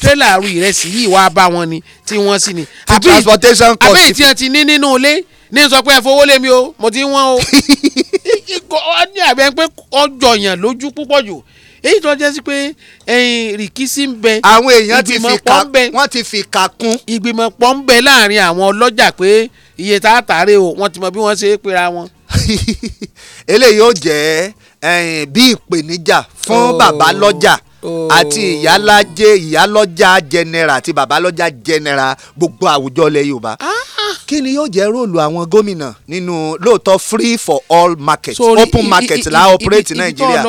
tírélà ru ìrẹsì yìí wá bá wọn ni tí wọ́n sì ni. ti transportation cost. àbẹ́yìí tí wọ́n ti ní nínú ilé ní sọ pé ẹ fowó lé mi o mo ti wọ́n o. ó ní àbẹ̀ pé ọjọ́ yàn lójú púpọ̀ jù èyí tó jẹ́ sí pé rìkísí ń bẹ àwọn èèyàn ti fi kà wọ́n ti fi kà kún. ìgbìmọ̀ pọ̀ ń bẹ láàrin àwọn ọlọ́jà pé iye tá a tààrẹ o wọ́n ti mọ bí wọ́n ṣe é pera wọn. eléyìí ó jẹ́ bí ìpèníjà fún oh. bàbá lọ́jà àti ìyálàjẹ ìyálọ́jà jẹnẹra àti babalọ́jà jẹnẹra gbogbo àwùjọ ilẹ̀ yorùbá ah. kí ni yóò jẹ́ róòlù àwọn gómìnà nínú lóòótọ́ free for all market Sorry, open market la operate nàìjíríà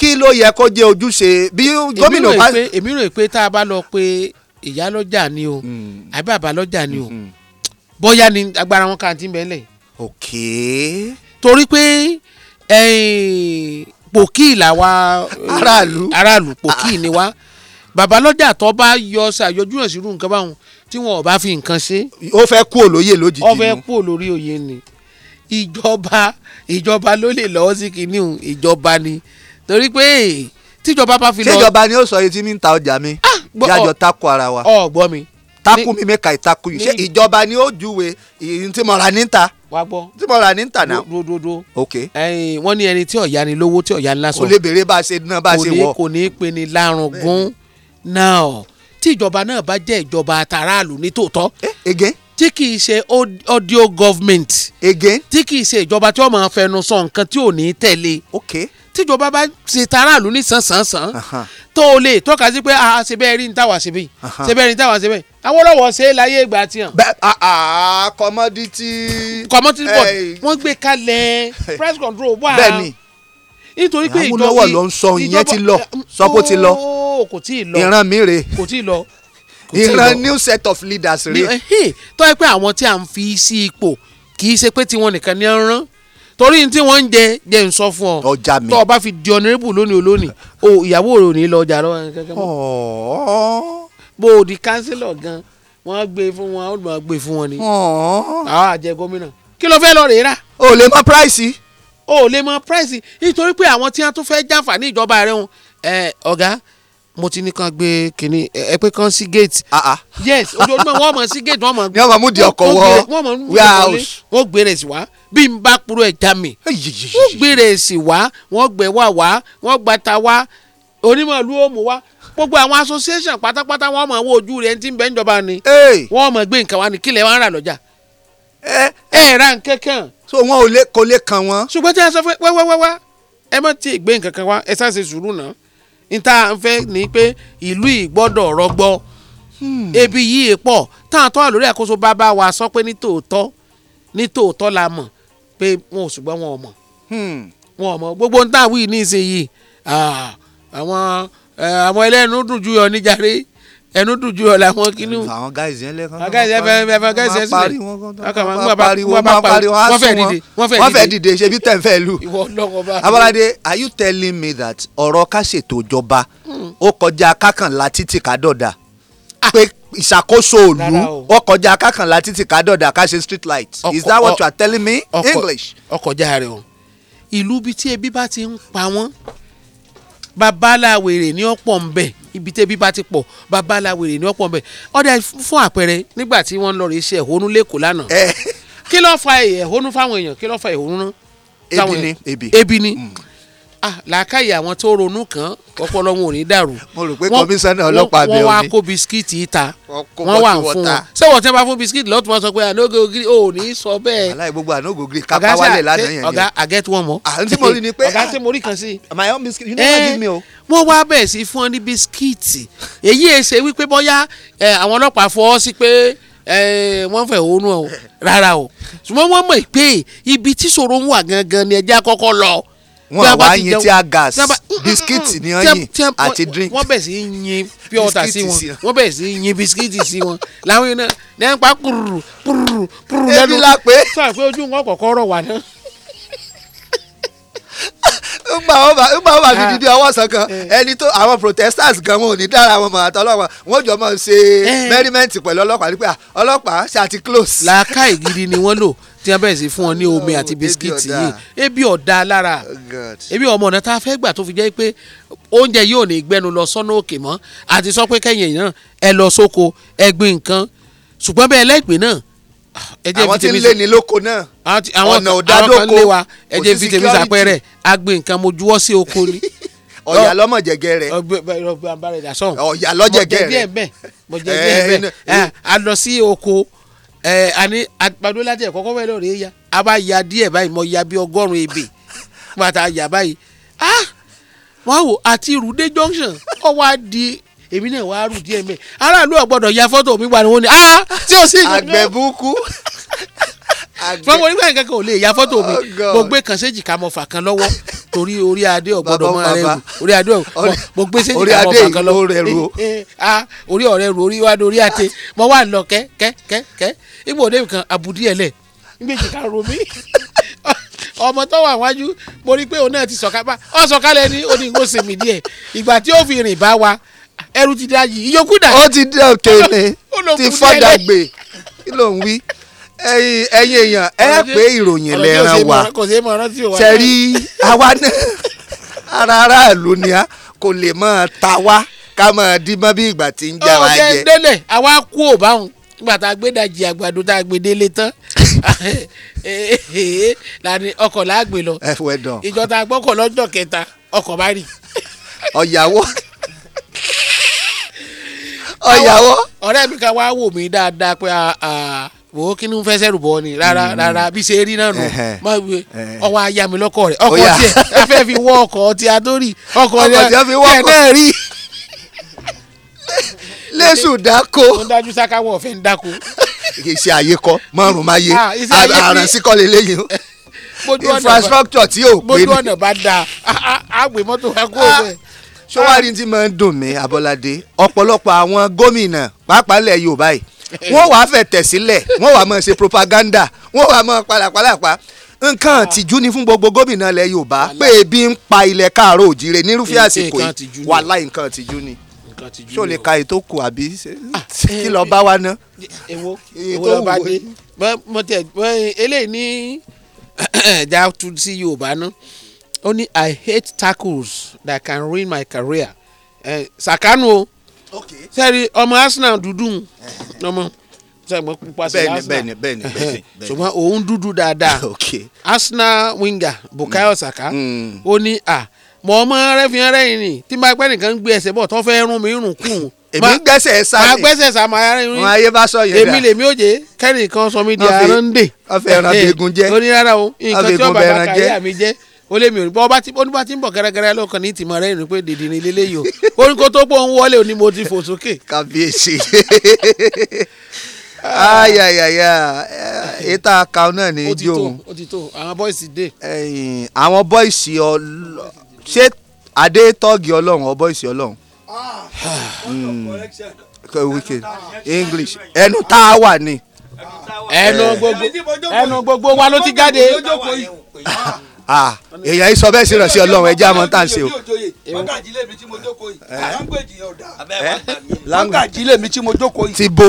kí ló yẹ kó jẹ́ ojúṣe bí gómìnà bá. èmi rò pé tá a bá lọ pé ìyálọ́jà ni o hmm. àbí babalọ́jà ni o hmm. bóyá ni agbára wọn kàn ti ń bẹ́ẹ̀ lẹ̀. ok. torí pé pòkì làwa aráàlú aráàlú pòkì ah. wa babalọ́jà tó bá yọ ṣàyọjú hàn sírú nǹkan báwọn tí wọn ò bá fi nǹkan ṣe. ó fẹ́ kú olóyè lójijì ni ó fẹ́ kú olórí òye ni ìjọba ìjọba ló lè lọ́wọ́ sí kinní hùn ìjọba ni torí pé tíjọba bá fi lọ. tíjọba ni ó sọ etí mi ń ta ọjà mi ah, yájọ tako ara wa. ọ gbọ́ mi taku mi make i taku you ṣé ìjọba ni ó júwe tí mo rà níta wá gbọ́ tí mo rà níta náà dúdúdú ok ẹyin wọ́n ní ẹni tí ọ̀ya ni lówó tí ọ̀ya ni lásán kò lè béèrè bá a ṣe ná bá a ṣe wọ̀ kò ní pe ni lárùngún náà tí ìjọba náà bá jẹ́ ìjọba tàràlù ní tòótọ́. ẹ eh, ẹgẹ́ tí kì ṣe audio government. again. tí kì í ṣe ìjọba tí wọ́n máa fẹnu sọ nǹkan tí ò ní tẹ̀lé. ok. tíjọba bá ṣe taráàlú ní sánsánsán. tó o lè tọ́ka sí pé a ah, ah, ṣe bẹ́ẹ̀ rí ní táwa ṣe bẹ́ẹ̀ ṣe bẹ́ẹ̀ rí ní táwa ṣe bẹ́ẹ̀ Awólọ́wọ̀ ṣe é láyé ìgbà tí hàn. bẹ́ẹ̀ àà commodity. commodity board wọ́n gbé kalẹ̀ price control wà. bẹ́ẹ̀ni nítorí pé ìjọba Awólọ́wọ̀ ló ń sọ ìyẹn ti lọ mm, sọ pé ó ti lọ oh, ìran mi rè. kò tí ì lọ ìran new set of leaders rè. tó yẹ pé àwọn tí a ń fi sí ipò kì í ṣe pé tiwọn nìkan ni ń rán torí tí wọ́n ń jẹ jẹ́ ń sọ fún ọ ọjà mi tó o bá fi di ọ̀nẹ́rẹ́bù lónìí olónìí o ìyàwó rò ní lọ ọjà lọ́wọ́ kankan mọ́ bó o di kánsílọ̀ gan wọ́n gbé fún wọn ó lọ́ọ́ gbé fún wọn ni àwọn àjẹ gómìnà kí ló fẹ́ lọ rèé rà. o ò lè mọ price. o ò lè mọ price nítorí pé àwọn tí wọ́n tún fẹ́ jàǹfààní ìjọba rẹ̀ wọn ọ̀gá mo ti ní kán gbé kínní ẹ pé kán sí gate. Ah, ah. yes ojoojúmọ́ wọ́n mọ̀ sí gate wọ́n mọ̀. ní ọmọ mú di ọkọ̀ wọ warehouse. wọ́n gbé rẹ̀ sí wá bí n bá kúrò ẹja mi. wọ́n gbé rẹ̀ sí wá wọ́n gbé wá wá wọ́n gba ta wá onímọ̀lú ó mú wá gbogbo àwọn association pátápátá wọ́n mọ̀ àwọn ojú rẹ̀ ti ń bẹ́ ń jọba ni. wọ́n mọ̀ gbé nǹkan wá ní kílẹ̀ wá ń rà lọ́jà. ẹ ẹ ra so wọn ò lè kò lè kàn wọn. ṣùgbọ́n tí a sọ fún níta ń fẹ́ ni pé ìlú ìgbọ́dọ̀ rọgbọ hmm. ebi yìí pọ̀ táwọn tó wà lórí àkóso bàbá wa sọ pé ní tòótọ́ ní tòótọ́ la mọ̀ pé wọn ò ṣùgbọ́n wọn ò mọ̀ hmm. wọn ò mọ̀ gbogbo ń tàwí ní ìsinyìí àwọn àwọn ẹlẹ́nu dùn jù yọ níjàre ẹnu dùn ju ọ̀la wọn kí ni. àwọn guys yẹn lẹ́kàn. àwọn guys yẹn fẹ́ fẹ́ fẹ́ guys yẹn sílẹ̀ wọ́n bá pariwo wọ́n bá pariwo wọ́n fẹ́ dìde wọ́n fẹ́ dìde ṣebí tẹ̀ ń fẹ́ lù. Abolade are you telling me that ọ̀rọ̀ ká ṣètò ìjọba hmm. ó kọjá kákànlá títì ká dọ̀dà ah! pé ìṣàkóso òlu ó kọjá kákànlá títì ká ká ṣe street light is that what you are telling me English. ọkọjá rẹ o ìlú bíi tí ebi bá ti ń pa wọ́n babaláwèrè ní ọ̀pọ̀ ń bẹ ibi tẹ́bí bá ti pọ̀ babaláwèrè ní ọ̀pọ̀ ń bẹ ọ̀dà fún àpẹẹrẹ nígbà tí wọ́n lọ rè iṣẹ́ ẹ̀hónú lẹ́kọ̀ọ́ lánàá eh. kí ló fa ẹ̀hónú fáwọn èèyàn kí ló fa ẹ̀hónú ebi ni ebi mm. ni ah làákàyè àwọn tó ronú kan ọpọlọ wọn ò ní dàrú. mo rò pé kọmíṣánná ọlọ́pàá mi ò ní. wọ́n wá kó bisikíìtì ta wọ́n wà fún wọn. sẹ́wọ̀n tí wọ́n bá fún bisikíìtì lọ́tún wọn sọ pé ànógó ah, gírí ò ní sọ bẹ́ẹ̀. aláì gbogbo ànógó gírí kápá wálẹ̀ lánàá yẹn. ọ̀gá I get one more. àhún ah, tí mo rí ni pé ọ̀gá ah. tí mo rí kan sí. my own biscuit you never eh, give me o. wọ́n wá bẹ̀rẹ̀ sí fún ọ ní bisikíìtì èyí ẹ ṣe wípé bóyá àwọn ọlọ́pàá fọwọ́ sí pé wọ́n fẹ̀ òun náà rárá o ṣùgbọ́n wọ́n mọ̀ pé ibi tí ṣòro ń wà gangan ni ẹja kọ́kọ́ lọ wọn àwa yin tí a gas bisikíìtì ni wọn yin àti drink. wọ́n bẹ̀rẹ̀ sí yin pure water sí wọn wọ́n bẹ̀rẹ̀ sí yin bisikíìtì sí wọn làwọn yìí náà lẹ́yìn pa kúrúrú kúrúrú kúrúrú lẹ́nu. ebi la pé. sọ àpé ojú wọn kọ̀kọ́ rọ̀ wà náà. ngba wọn bá ngba wọn bá fi ah. dídí ọwọ́ sàn kan eh. ẹni tó àwọn protesters gan wọn ò ní dára wọn mọ̀ àtọlọ́wọ́ wọn jọ mọ̀ ṣe eh. mẹ́rímẹ́ǹtì pẹ̀lú ọlọ́pàá ní pé ah, ọlọ́pàá ṣe àti close. làákà ìgidi ni wọ́n lò tí wọ́n bẹ̀rẹ̀ sí fún ọ ní oh, omi àti bisikíìtì yìí ebi ọ̀dà lára oh, ebi ọmọ ọ̀nà tá a fẹ́ gbà tó fi jẹ́ pé oúnjẹ yìí ò ní gbẹnu lọ sọ́nà òkè mọ́ àti sọ pé kẹ́yìn èèyàn ẹ lọ sóko ẹ gbin nǹkan ṣùgbọ́n bẹ́ẹ̀ lẹ́gbẹ̀ẹ́ náà ah, àwọn tí ń lé ní lóko náà ọ̀nà òdádóko ẹ jẹ́ fi tèmi sàpẹrẹ agbin nǹkan mo juwọ́ sí oko ni ọ̀yà lọ́mọ̀jẹ̀gẹ̀ rẹ̀. ọ̀yà lọ́jẹ̀gẹ̀ mo jẹ díẹ̀ bẹ́ẹ̀ mo eh, jẹ díẹ̀ bẹ́ẹ̀ eh, eh. Ah, a lọ sí oko ẹ àní àgbàdo láti ẹ̀kọ́ kọ́kọ́ ya a bá ya díẹ̀ báyìí mo ya bí ọgọ́rùn ebè pàtà ya báyìí ah wọ́n àti rúdé junction ọ wá di èmi náà wàá rù díẹ̀ mẹ́ aráàlú ọ̀gbọ́dọ̀ ya fọ́tò mi wà ní wọ́n ni ah tí o sì. àgbẹ̀bùkú fọwọ́ nígbà yẹn kankan ò lè ya fọ́tò mi oh, mo gbé kan séjì ká mọ fà kan lọ́wọ́ torí orí adé ọ̀gbọ́dọ̀ mọ́ rẹ orí adé mo gbé séjì ká mọ fà kan lọ́wọ́ eh, eh, ah, orí ọ̀rẹ́ rù orí wádìí orí àtẹ mo wà lọ kẹ́ kẹ́ kẹ́ kẹ́ ibo òde kan àbùdí ẹ̀ lẹ̀ gbèjì ká ro mí ọmọ tó wà wájú mo rí i pé òun náà ti sọ̀kalẹ̀ ọ sọ̀kalẹ̀ ní onígbò sinmi díẹ̀ ìgbà tí ó fi rìn bá wa ẹrù ti dá yìí ìyókù dà. ó ti dá òkèlè ti fọdà gbé kí ló ń wí ẹ̀yin èèyàn ẹ pé ìròyìn lẹ́ran wa sẹ́rí awa náà ara aráàlú ni a kò lè mọ̀ ta wá ká mọ̀ bí ìgbà tí ń jà wá jẹ. àwa kú ò báwọn nígbà tá a gbé dajì àgbàdo tá a gbé délé tán ọkọ̀ láàgbé lọ ìjọ tá a kẹta bá rì. ọ̀yàwó ọ̀yàwó. ọ̀rẹ́ mi wá wò mí dáadáa pé ah, ah, wo kí ni n fẹsẹ̀ rúbọ ni rárá hmm. rárá bí ṣe rí náà nù má wí ọwọ́ aya mi lọ́kọ̀ rẹ̀ ọkọ̀ tiẹ̀ ẹ fẹ́ fi wọ́ ọkọ̀ ti adórí ọkọ̀ tiẹ̀ náà rí. lẹ́sùn dáko. mo dájú sákáwọ̀ ọ̀fẹ́ ń dáko. kì í ṣe àyè kọ márùn máa yé àrùn ah, síkọ́ lélẹ́yìn o infrastructure tí yóò pé ni. bójú ọ̀nà bá dáa ah, ah, àgbè mọ́tò wa kó o bẹ̀ ṣọwárí tí máa ń dùn mí abọ́ládé ọ̀pọ̀lọpọ̀ àwọn gómìnà pàápàá ilẹ̀ yorùbá yìí wọ́n wàá fẹ̀ tẹ̀ sílẹ̀ wọ́n wàá máa ṣe propaganda wọ́n wàá máa palapalapa nǹkan ah. àtijú ni fún gbogbo gómìnà ilẹ̀ yorùbá pé ebi ń pa ilẹ̀ káàárọ̀ òjìrè nírúfẹ́ àsìkò yìí wàláì nǹkan àtijú ni ṣó lè ka ètò kù àbí ah, kí lọ bá wa ná. èwo eh, eh, èwo lọ bá dé mo tẹ eléyìí ní ẹja tún sí yorùbá ná ó ní i hate tackles that can ruin my career sàkánù eh, o sẹ́ẹ̀rì ọmọ Arsenal dúdú ọmọ sẹ́ẹ̀mọ́ pupa sí Arsenal bẹ́ẹ̀ni bẹ́ẹ̀ni bẹ́ẹ̀ni ṣùgbọ́n òun dúdú dáadáa Arsenal winger Bukayo mm. Saka mm. ó ní à mọ̀ ọmọ rẹ fi ni tí n bá pẹ́ nìkan gbé ẹsẹ̀ bọ̀ tó fẹ́ rún mi rún kùn èmi ń gbẹ́sẹ̀ sá mi máa gbẹ́sẹ̀ sá máa rìn rìn ayé bá sọ yẹn èmi lèmi ò jẹ́ kẹ́nìkan sọ mi di arande ọ̀fẹ́ ẹran bẹ́ẹ̀gùn jẹ́ onírárá o nǹkan tí ọba bá kárí àmì ó lé mi ò ní bọ́ bá ti ó ní bá ti ń bọ̀ gẹ́rẹ́gẹ́rẹ́ lọ́kàn ní ìtìmọ̀ rẹ̀ ìrìn pé dèdè ní ilé yìí o ó ní kó tó pọ̀ ń wọlé òní mo ti fò sókè. kàbíyèsí ayayaya eh, ètò àkàw náà ní ijó òun. ó ti tó àwọn bọ́ìsì dé. àwọn bọ́ìsì ọlọ ṣé adé tọ́ọ̀gì ọlọ́run ọ bọ́ìsì ọlọ́run. Hmm, English ẹnu tá a wà ni. ẹnu gbogbo ẹnu gbogbo wa ló ti jáde. Ah, èèyàn yìí sọ bẹ́ẹ̀ sí ìrọ̀sí ọlọ́run ẹ̀jẹ̀ àmọ́ tá à ń ṣe o. láǹgàjì lèmi tí mo jókòó yìí eh. láǹgàjì eh, lèmi tí mo jókòó yìí. ti bo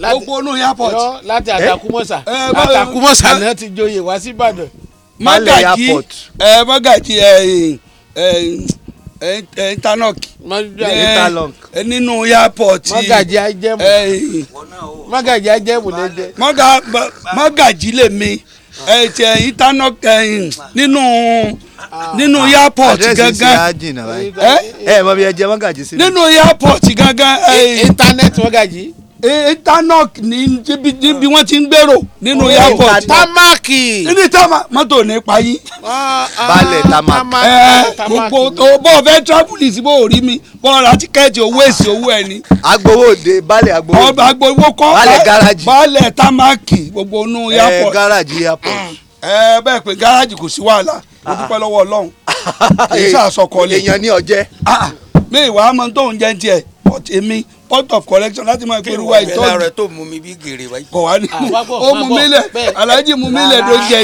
gbogbo onú airport. láti àtàkùmọ̀sà eh, àtàkùmọ̀sà náà ti joyè wá sí ìbàdàn. mọ́gàjì mọ́gàjì intanok nínú airport. mọ́gàjì ajẹ́mu mọ́gàjì ajẹ́mu lẹ́jẹ́. mọ́gàjì lèmi ẹtì ẹyin tánà nínú nínú airport gangan ẹ ẹ mọ bí ẹ jẹ mọ́gàjì sí. nínú airport gangan. internet mọ́gàjì. E, e, tanok níbi wọ́n ti ń gbèrò nínú oh, airport. tamaki. ní tama mọ́tò ní payín. Ah, ah, balẹ̀ tamak. ẹ eh, gbogbo tó bọ́ fẹ́ sí bó rí mi bọ́ ra tíkẹ́ẹ̀tì owó èsì owó ẹ̀ ni. agbowó. ọba agbowó kọ́ eh, tamaki gbogbo nínú eh, airport. ẹ garaji airport. ẹ bẹ́ẹ̀ pé garaji kò sí wàhálà dúpẹ́ lọ́wọ́ ọlọ́run kì í èèyàn ní ọjẹ́. Ah, mi ìwà ń jẹ́ point of collection láti máa pé ruwa ìtọ́jú. kí ló wà tó mú mi bí gèrè wáyé. kọ̀ wá ní ah, mú mi lẹ̀ aláàjì mú mi lẹ̀ ló jẹ.